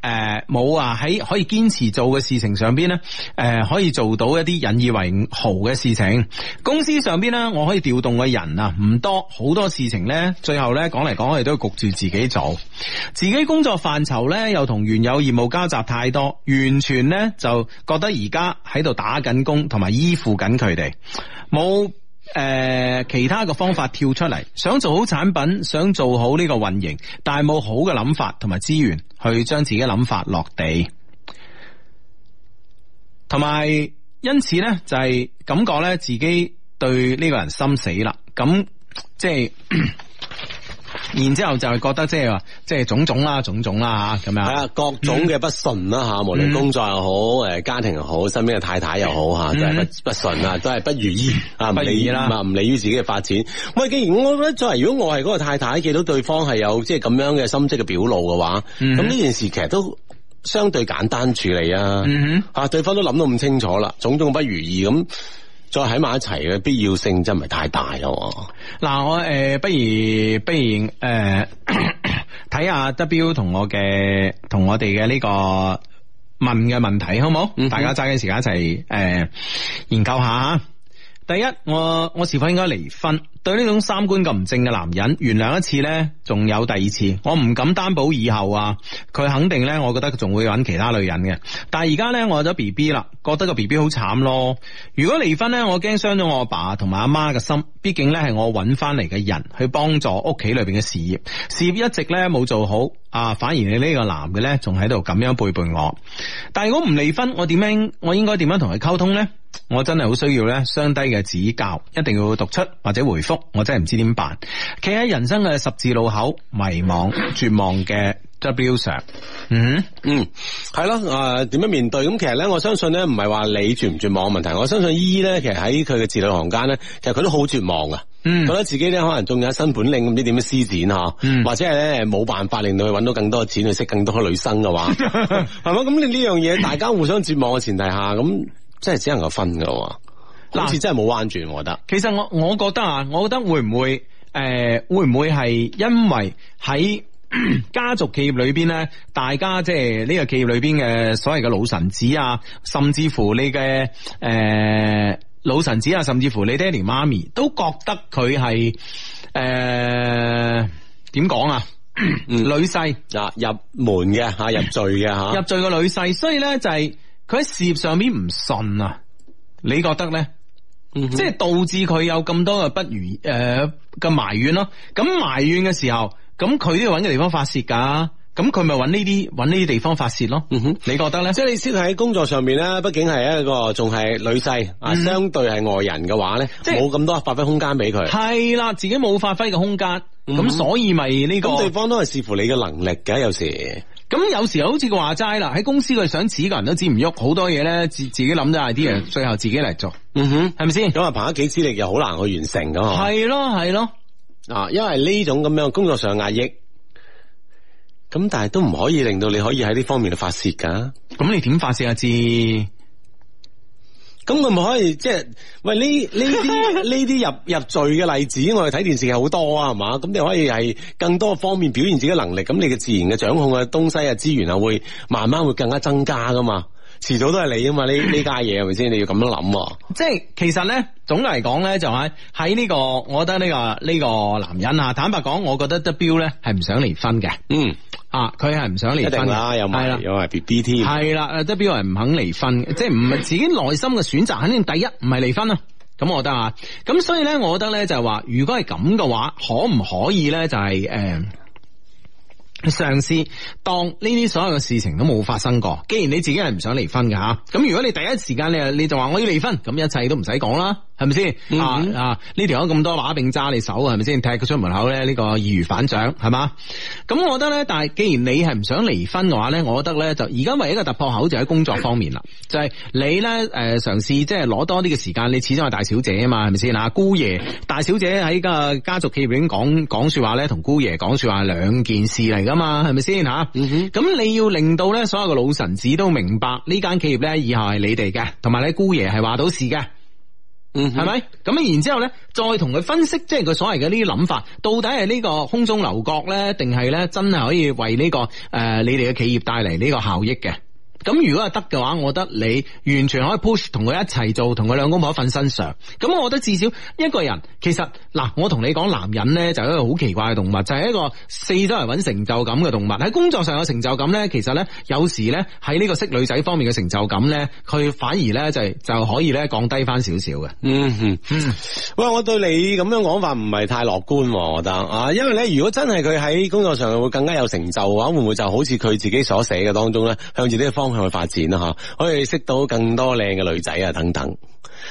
誒，冇啊！喺可以堅持做嘅事情上邊呢，誒、呃，可以做到一啲引以為豪嘅事情。公司上邊呢，我可以調動嘅人啊，唔多，好多事情呢，最後呢講嚟講去都係焗住自己做，自己工作範疇呢，又同原有業務交集太多，完全呢就覺得而家喺度打緊工，同埋依附緊佢哋，冇。誒、呃，其他嘅方法跳出嚟，想做好產品，想做好呢個運營，但係冇好嘅諗法同埋資源去將自己嘅諗法落地，同埋因此呢，就係、是、感覺呢自己對呢個人心死啦，咁即係。 然之後就係覺得即係話即係種種啦，種種啦吓咁樣。係啊，各種嘅不順啦吓，嗯、無論工作又好，誒、嗯、家庭又好，身邊嘅太太又好吓，真係、嗯、不不順啊，都係不如意啊，唔如意啦，唔利於自己嘅發展。喂，既然我覺得作為，如果我係嗰個太太，見到對方係有即係咁樣嘅心跡嘅表露嘅話，咁呢、嗯、件事其實都相對簡單處理啊。嗯吓、嗯、對方都諗到咁清楚啦，種，種種不如意咁。再喺埋一齊嘅必要性真係太大咯。嗱，我誒、呃，不如不如誒，睇、呃、下 W 同我嘅同我哋嘅呢個問嘅問題好唔好？嗯、哼大家揸緊時間一齊誒、呃、研究下吓。第一，我我是否應該離婚？對呢種三觀咁唔正嘅男人，原諒一次呢，仲有第二次。我唔敢擔保以後啊，佢肯定呢，我覺得仲會搵其他女人嘅。但係而家呢，我有咗 B B 啦，覺得個 B B 好慘咯。如果離婚呢，我驚傷咗我阿爸同埋阿媽嘅心，畢竟呢，係我搵翻嚟嘅人去幫助屋企裏邊嘅事業，事業一直呢冇做好啊，反而你呢個男嘅呢仲喺度咁樣背叛我。但係如果唔離婚，我點樣我應該點樣同佢溝通呢？我真係好需要呢，相低嘅指教，一定要讀出或者回覆。我真係唔知點辦，企喺人生嘅十字路口，迷茫絕望嘅 W sir，嗯嗯，係咯，誒、呃、點樣面對？咁其實咧，我相信咧，唔係話你絕唔絕望嘅問題，我相信 E 咧，其實喺佢嘅字裏行間咧，其實佢都好絕望嘅，嗯、覺得自己咧可能仲有一身本領，唔知點樣施展吓，嗯、或者係咧冇辦法令到佢搵到更多嘅錢去識更多嘅女生嘅話，係嘛？ 咁你呢樣嘢，大家互相絕望嘅前提下，咁即係只能夠分㗎喎。嗱，似真係冇彎住，我覺得。其實我我覺得啊，我覺得會唔會誒、呃，會唔會係因為喺 家族企業裏邊咧，大家即係呢個企業裏邊嘅所謂嘅老臣子啊，甚至乎你嘅誒、呃、老臣子啊，甚至乎你爹哋媽咪都覺得佢係誒點講啊， 呃、女婿啊，入門嘅吓，入贅嘅吓，入贅個女婿，所以咧就係佢喺事業上面唔順啊，你覺得咧？嗯、即係導致佢有咁多嘅不如誒嘅、呃、埋怨咯，咁埋怨嘅時候，咁佢都要揾個地方發泄噶，咁佢咪揾呢啲揾呢啲地方發泄咯、嗯哼。你覺得咧？即係你先喺工作上面咧，畢竟係一個仲係女婿啊，嗯、哼相對係外人嘅話咧，即冇是咁多發揮空間俾佢。係啦，自己冇發揮嘅空間，咁、嗯、哼所以咪呢、這個？咁對方都係視乎你嘅能力嘅，有時。咁有時候好似話齋啦，喺公司佢想指個人都指唔喐，好多嘢咧自自己諗咗啲嘢，a, 嗯、最後自己嚟做，嗯哼，係咪先？咁啊，憑咗己次，力又好難去完成噶，係咯係咯，啊，因為呢種咁樣工作上壓抑，咁但係都唔可以令到你可以喺呢方面去發洩噶。咁你點發洩啊？志？咁佢咪可以即係、就是，喂呢呢啲呢啲入入罪嘅例子，我哋睇電視係好多啊，係嘛？咁你可以係更多方面表現自己嘅能力，咁你嘅自然嘅掌控嘅東西啊資源啊，會慢慢會更加增加噶嘛。遲早都係你啊嘛，呢，呢家嘢，係咪先？你要咁樣諗，啊，即係其實咧，總嚟講咧就喺喺呢個，我覺得呢，呢個呢，呢個男人啊，坦白講，我覺得 W 咧，係唔想離婚嘅。嗯，啊，佢係唔想離婚。一定啦，又係啦，又係 B B T。係啦是了，誒，W 係唔肯離婚，即係唔係自己內心嘅選擇，肯定第一唔係離婚啊。咁我覺得啊，咁所以咧，我覺得咧就係話，如果係咁嘅話，可唔可以咧就係、是、誒？呃嘗試當呢啲所有嘅事情都冇發生過，既然你自己係唔想離婚嘅吓，咁如果你第一時間你啊，你就話我要離婚，咁一切都唔使講啦。係咪先啊啊？呢條咁多把柄揸你手，係咪先？踢佢出門口咧，呢、呢個易如反掌，係嘛？咁我覺得咧，但係既然你係唔想離婚嘅話咧，我覺得咧就而家唯一一個突破口就喺工作方面啦。嗯、哼就係你咧，誒嘗試即係攞多啲嘅時間。你始終係大小姐啊嘛，係咪先啊？姑爺大小姐喺個家族企業邊講講說話咧，同姑爺講說話兩件事嚟噶嘛，係咪先吓？咁、啊嗯、哼你要令到咧所有嘅老臣子都明白呢間企業咧以後係你哋嘅，同埋你姑爺係話到事嘅。嗯，係咪？咁然之後咧，再同佢分析，即係佢所謂嘅呢啲諗法，到底係呢個空中樓閣咧，定係咧真係可以為呢、這個誒、呃、你哋嘅企業帶嚟呢個效益嘅？咁如果係得嘅話，我覺得你完全可以 push 同佢一齊做，同佢兩公婆瞓身上。咁我覺得至少一個人其實嗱，我同你講，男人呢就係一個好奇怪嘅動物，就係、是、一個四周圍揾成就感嘅動物。喺工作上有成就感呢，其實呢，有時呢，喺呢個識女仔方面嘅成就感呢，佢反而呢，就就可以呢降低翻少少嘅。嗯哼， 喂，我對你咁樣講法唔係太樂觀，我覺得啊，因為呢，如果真係佢喺工作上會更加有成就嘅話，會唔會就好似佢自己所寫嘅當中呢？向住呢個方？向嘅發展啦，吓可以識到更多靚嘅女仔啊，等等，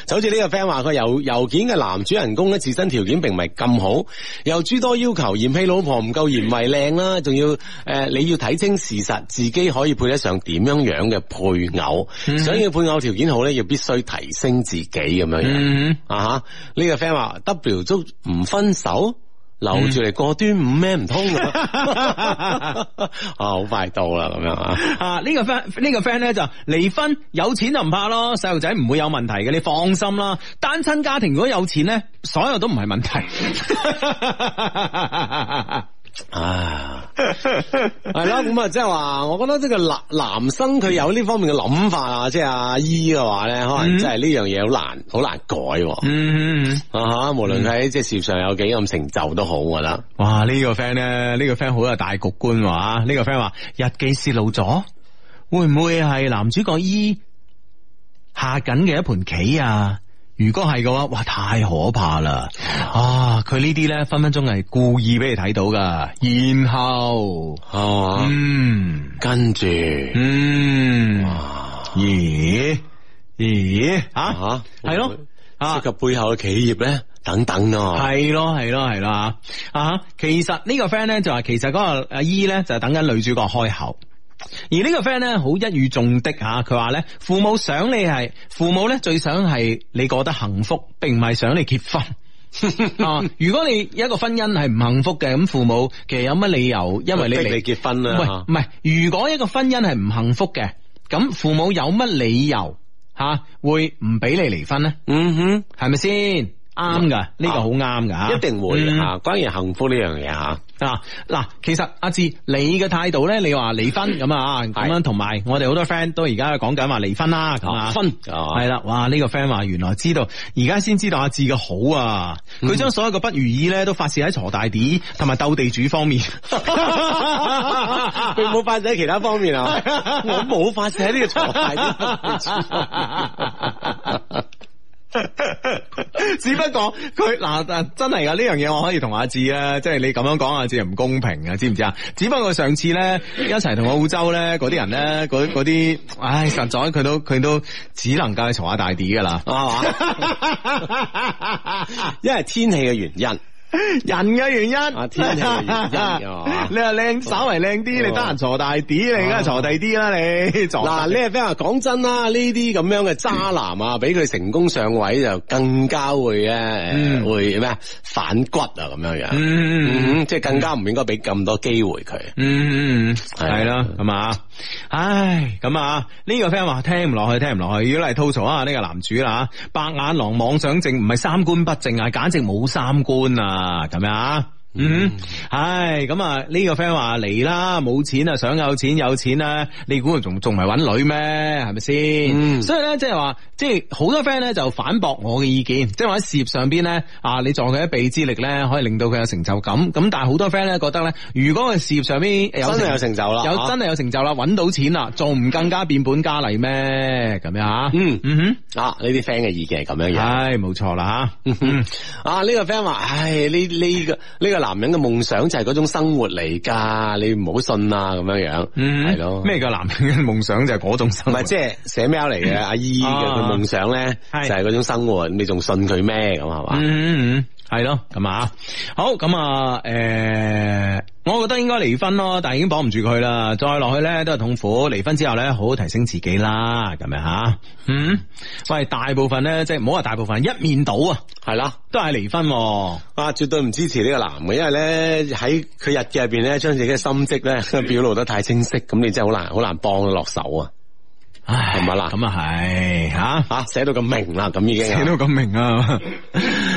就好似呢個 friend 話佢郵郵件嘅男主人公咧，自身條件並唔係咁好，又諸多要求，嫌棄老婆唔夠賢惠靚啦，仲要誒、呃，你要睇清事實，自己可以配得上點樣樣嘅配偶，mm hmm. 想要配偶條件好咧，又必須提升自己咁樣樣啊。吓呢、mm hmm. uh huh. 個 friend 話 W 都唔分手。留住嚟過端午咩唔通啊？好快到啦，咁樣啊？啊、這個就是，呢個 friend 呢個 friend 咧就離婚有錢就唔怕咯，細路仔唔會有問題嘅，你放心啦。單親家庭如果有錢咧，所有都唔係問題。 啊，係咯，咁啊，即係話，我覺得呢個男男生佢有呢方面嘅諗法啊，即係阿姨嘅話咧，可能即係呢樣嘢好難，好難改。嗯，嗯嗯啊哈，無論喺即係事業上有幾咁、嗯、成就都好，我覺得。哇，呢個 friend 咧，呢個 friend 好有大局觀啊，呢個 friend 話日記洩露咗，會唔會係男主角姨下緊嘅一盤棋啊？如果係嘅話，哇，太可怕啦！啊，佢呢啲咧分分鐘係故意俾你睇到噶，然後啊，嗯，跟住，嗯，咦，哇，咦，吓吓，係咯，啊，啊，涉及背後嘅企業咧，等等啊。係咯，係咯，係咯，咯，咯，咯，咯，咯，啊，啊，其實呢個 friend 咧就話，其實嗰個阿姨咧就等緊女主角開口。而呢個 friend 咧，好一語中的吓，佢話咧，父母想你係父母咧，最想係你過得幸福，並唔係想你結婚 啊！如果你一個婚姻係唔幸福嘅，咁父母其實有乜理由因為你未結婚啦？唔係唔係，如果一個婚姻係唔幸福嘅，咁父母有乜理由吓、啊、會唔俾你離婚呢？嗯哼，係咪先？啱噶，呢個好啱噶，一定會吓。關於幸福呢樣嘢吓，嗱嗱，其實阿志你嘅態度咧，你話離婚咁啊，咁、yeah. 樣同埋我哋好多 friend 都而家講緊話離婚啦，咁係嘛，係啦，哇！呢個 friend 話原來知道而家先知道阿志嘅好啊，佢將、um. 所有嘅不如意咧都發泄喺鋤大弟同埋鬥地主方面，佢冇發泄喺其他方面啊，我冇發泄喺呢個鋤大弟。 只不過佢嗱誒真係噶，呢樣嘢，我可以同阿志啊，即係你咁樣講阿志係唔公平啊，知唔知啊？只不過上次咧一齊同澳洲咧嗰啲人咧，嗰啲，唉、哎、實在佢都佢都，都只能夠坐下大啲噶啦， 因為天氣嘅原因。人嘅原因，你話靚，稍微靚啲，你得閒坐大啲，你梗係坐第啲啦，你。嗱你呢啊，講真啦，呢啲咁樣嘅渣男啊，俾佢成功上位就更加會嘅，會咩反骨啊咁樣樣，嗯，即係更加唔應該俾咁多機會佢，嗯，係啦，係嘛。唉，咁啊，呢個 friend 話聽唔落去，聽唔落去，如果嚟吐槽下，呢個男主啦，白眼狼妄想症，唔係三觀不正啊，簡直冇三觀啊，咁樣啊。 嗯哼，唉、這個，咁啊！呢個 friend 話嚟啦，冇錢啊，想有錢，有錢啊。你估仲仲唔係揾女咩？係咪先？嗯、所以咧，即係話，即係好多 friend 咧就反駁我嘅意見，即係話喺事業上邊咧，啊，你助佢一臂之力咧，可以令到佢有成就感。咁但係好多 friend 咧覺得咧，如果喺事業上邊有成真係有成就啦，有、啊、真係有成就啦，揾到錢啦，仲唔更加變本加厲咩？咁、嗯嗯啊、樣啊？嗯哼，啊呢啲 friend 嘅意見係咁樣嘅。係冇錯啦，吓啊呢個 friend 話，唉、這個，呢、這、呢個呢個男男人嘅夢想就係嗰種生活嚟噶，你唔好信啊咁樣樣，係咯、嗯。咩的叫男人嘅夢想就係嗰種生活？唔係即係寫 mail 嚟嘅，就是嗯、阿姨嘅夢、哦、想咧就係嗰種生活，嗯、你仲信佢咩咁係嘛？嗯。嗯係咯，咁啊，好咁啊，誒，我覺得應該離婚咯，但係已經綁唔住佢啦，再落去咧都係痛苦。離婚之後咧，好好提升自己啦，咁樣吓，嗯，喂，大部分咧即係唔好話大部分一面倒的啊，係啦，都係離婚，啊，絕對唔支持呢個男嘅，因為咧喺佢日記入邊咧，將自己嘅心跡咧的表露得太清晰，咁你真係好難好難幫佢落手唉的、就是、啊，係咪啦？咁啊係，吓吓寫到咁明啦，咁已經寫到咁明啊。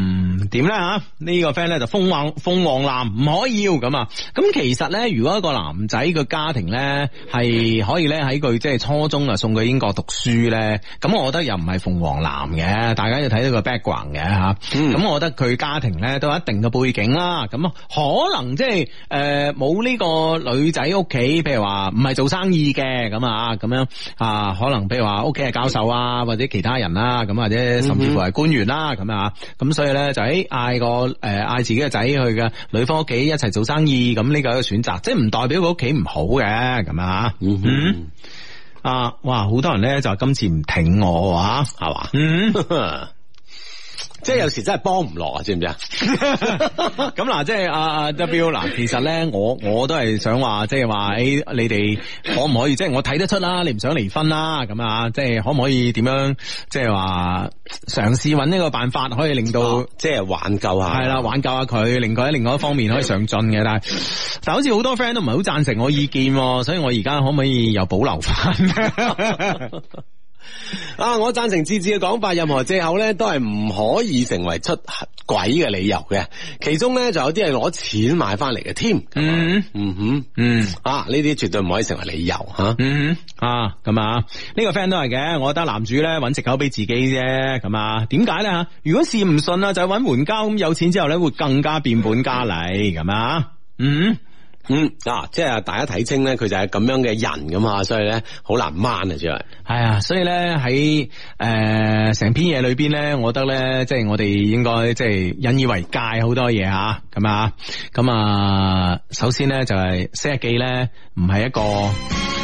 點咧吓？呢、這個 friend 咧就鳳凰鳳凰男唔可以要咁啊！咁其實咧，如果一個男仔個家庭咧係可以咧喺佢即係初中啊送去英國讀書咧，咁我覺得又唔係鳳凰男嘅。大家要睇到個 background 嘅吓。咁、嗯、我覺得佢家庭咧都有一定嘅背景啦。咁啊，可能即係誒冇呢個女仔屋企，譬如話唔係做生意嘅咁啊咁樣啊，可能譬如話屋企係教授啊，或者其他人啦，咁或者甚至乎係官員啦咁啊。咁、嗯、哼所以咧就喺。嗌，個誒嗌自己個仔去嘅女方屋企一齊做生意，咁呢個係一個選擇，即係唔代表佢屋企唔好嘅咁啊吓。嗯哼啊，哇，好多人咧就今次唔挺我話係嘛？嗯哼。吧即係有時真係幫唔落啊，知唔知啊？咁嗱， 即係阿 W 嗱，其實咧我我都係想話，即係話喺你哋可唔可以？即係我睇得出啦，你唔想離婚啦，咁啊，即係可唔可以點樣？即係話嘗試揾呢個辦法，可以令到、啊、即係挽救下。係啦，挽救下佢，令佢喺另外一方面可以上進嘅。但係但係好似好多 friend 都唔係好贊成我意見，所以我而家可唔可以又保留返？ 啊！我贊成志志嘅講法，任何借口咧都係唔可以成為出軌嘅理由嘅。其中咧就有啲係攞錢買翻嚟嘅添。Mm hmm. 嗯嗯嗯啊！呢啲絕對唔可以成為理由吓。嗯啊，咁、mm hmm. 啊，呢、這個 friend 都係嘅。我覺得男主咧揾借口俾自己啫。咁啊，點解咧吓？如果事唔順啊，就揾援交咁。有錢之後咧，會更加變本加厲咁啊。嗯。嗯，嗱、啊，即係大家睇清咧，佢就係咁樣嘅人咁啊，所以咧好難掹啊，真係。係啊，所以咧喺誒成篇嘢裏邊咧，我覺得咧即係我哋應該即係引以為戒好多嘢吓，咁啊，咁啊，首先咧就係寫日記咧唔係一個。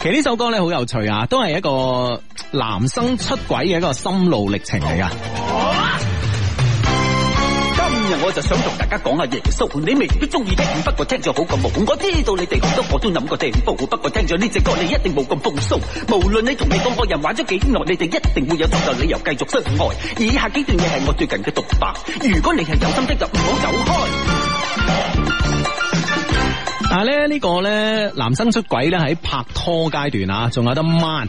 其實呢首歌咧好有趣啊，都係一個男生出軌嘅一個心路歷程嚟噶。今日我就想同大家講下《耶穌》，你未必中意聽，不過聽咗好咁無恐。我知道你哋好多我都諗過地步，不過聽咗呢隻歌，你一定冇咁風騷。無論你同你檔愛人玩咗幾耐，你哋一定會有足夠理由繼續相愛。以下幾段嘢係我最近嘅獨白，如果你係有心的就唔好走開。但係咧，呢個咧男生出軌咧喺拍拖階段啊，仲有得 man。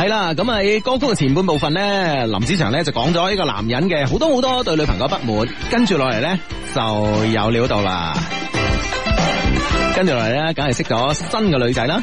係啦，咁喺歌曲嘅前半部分咧，林子祥咧就講咗呢個男人嘅好多好多對女朋友不滿，跟住落嚟咧就有料到啦，跟住落嚟咧梗係識咗新嘅女仔啦。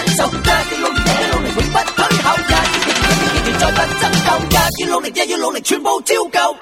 要努力，也要努力，全部照舊。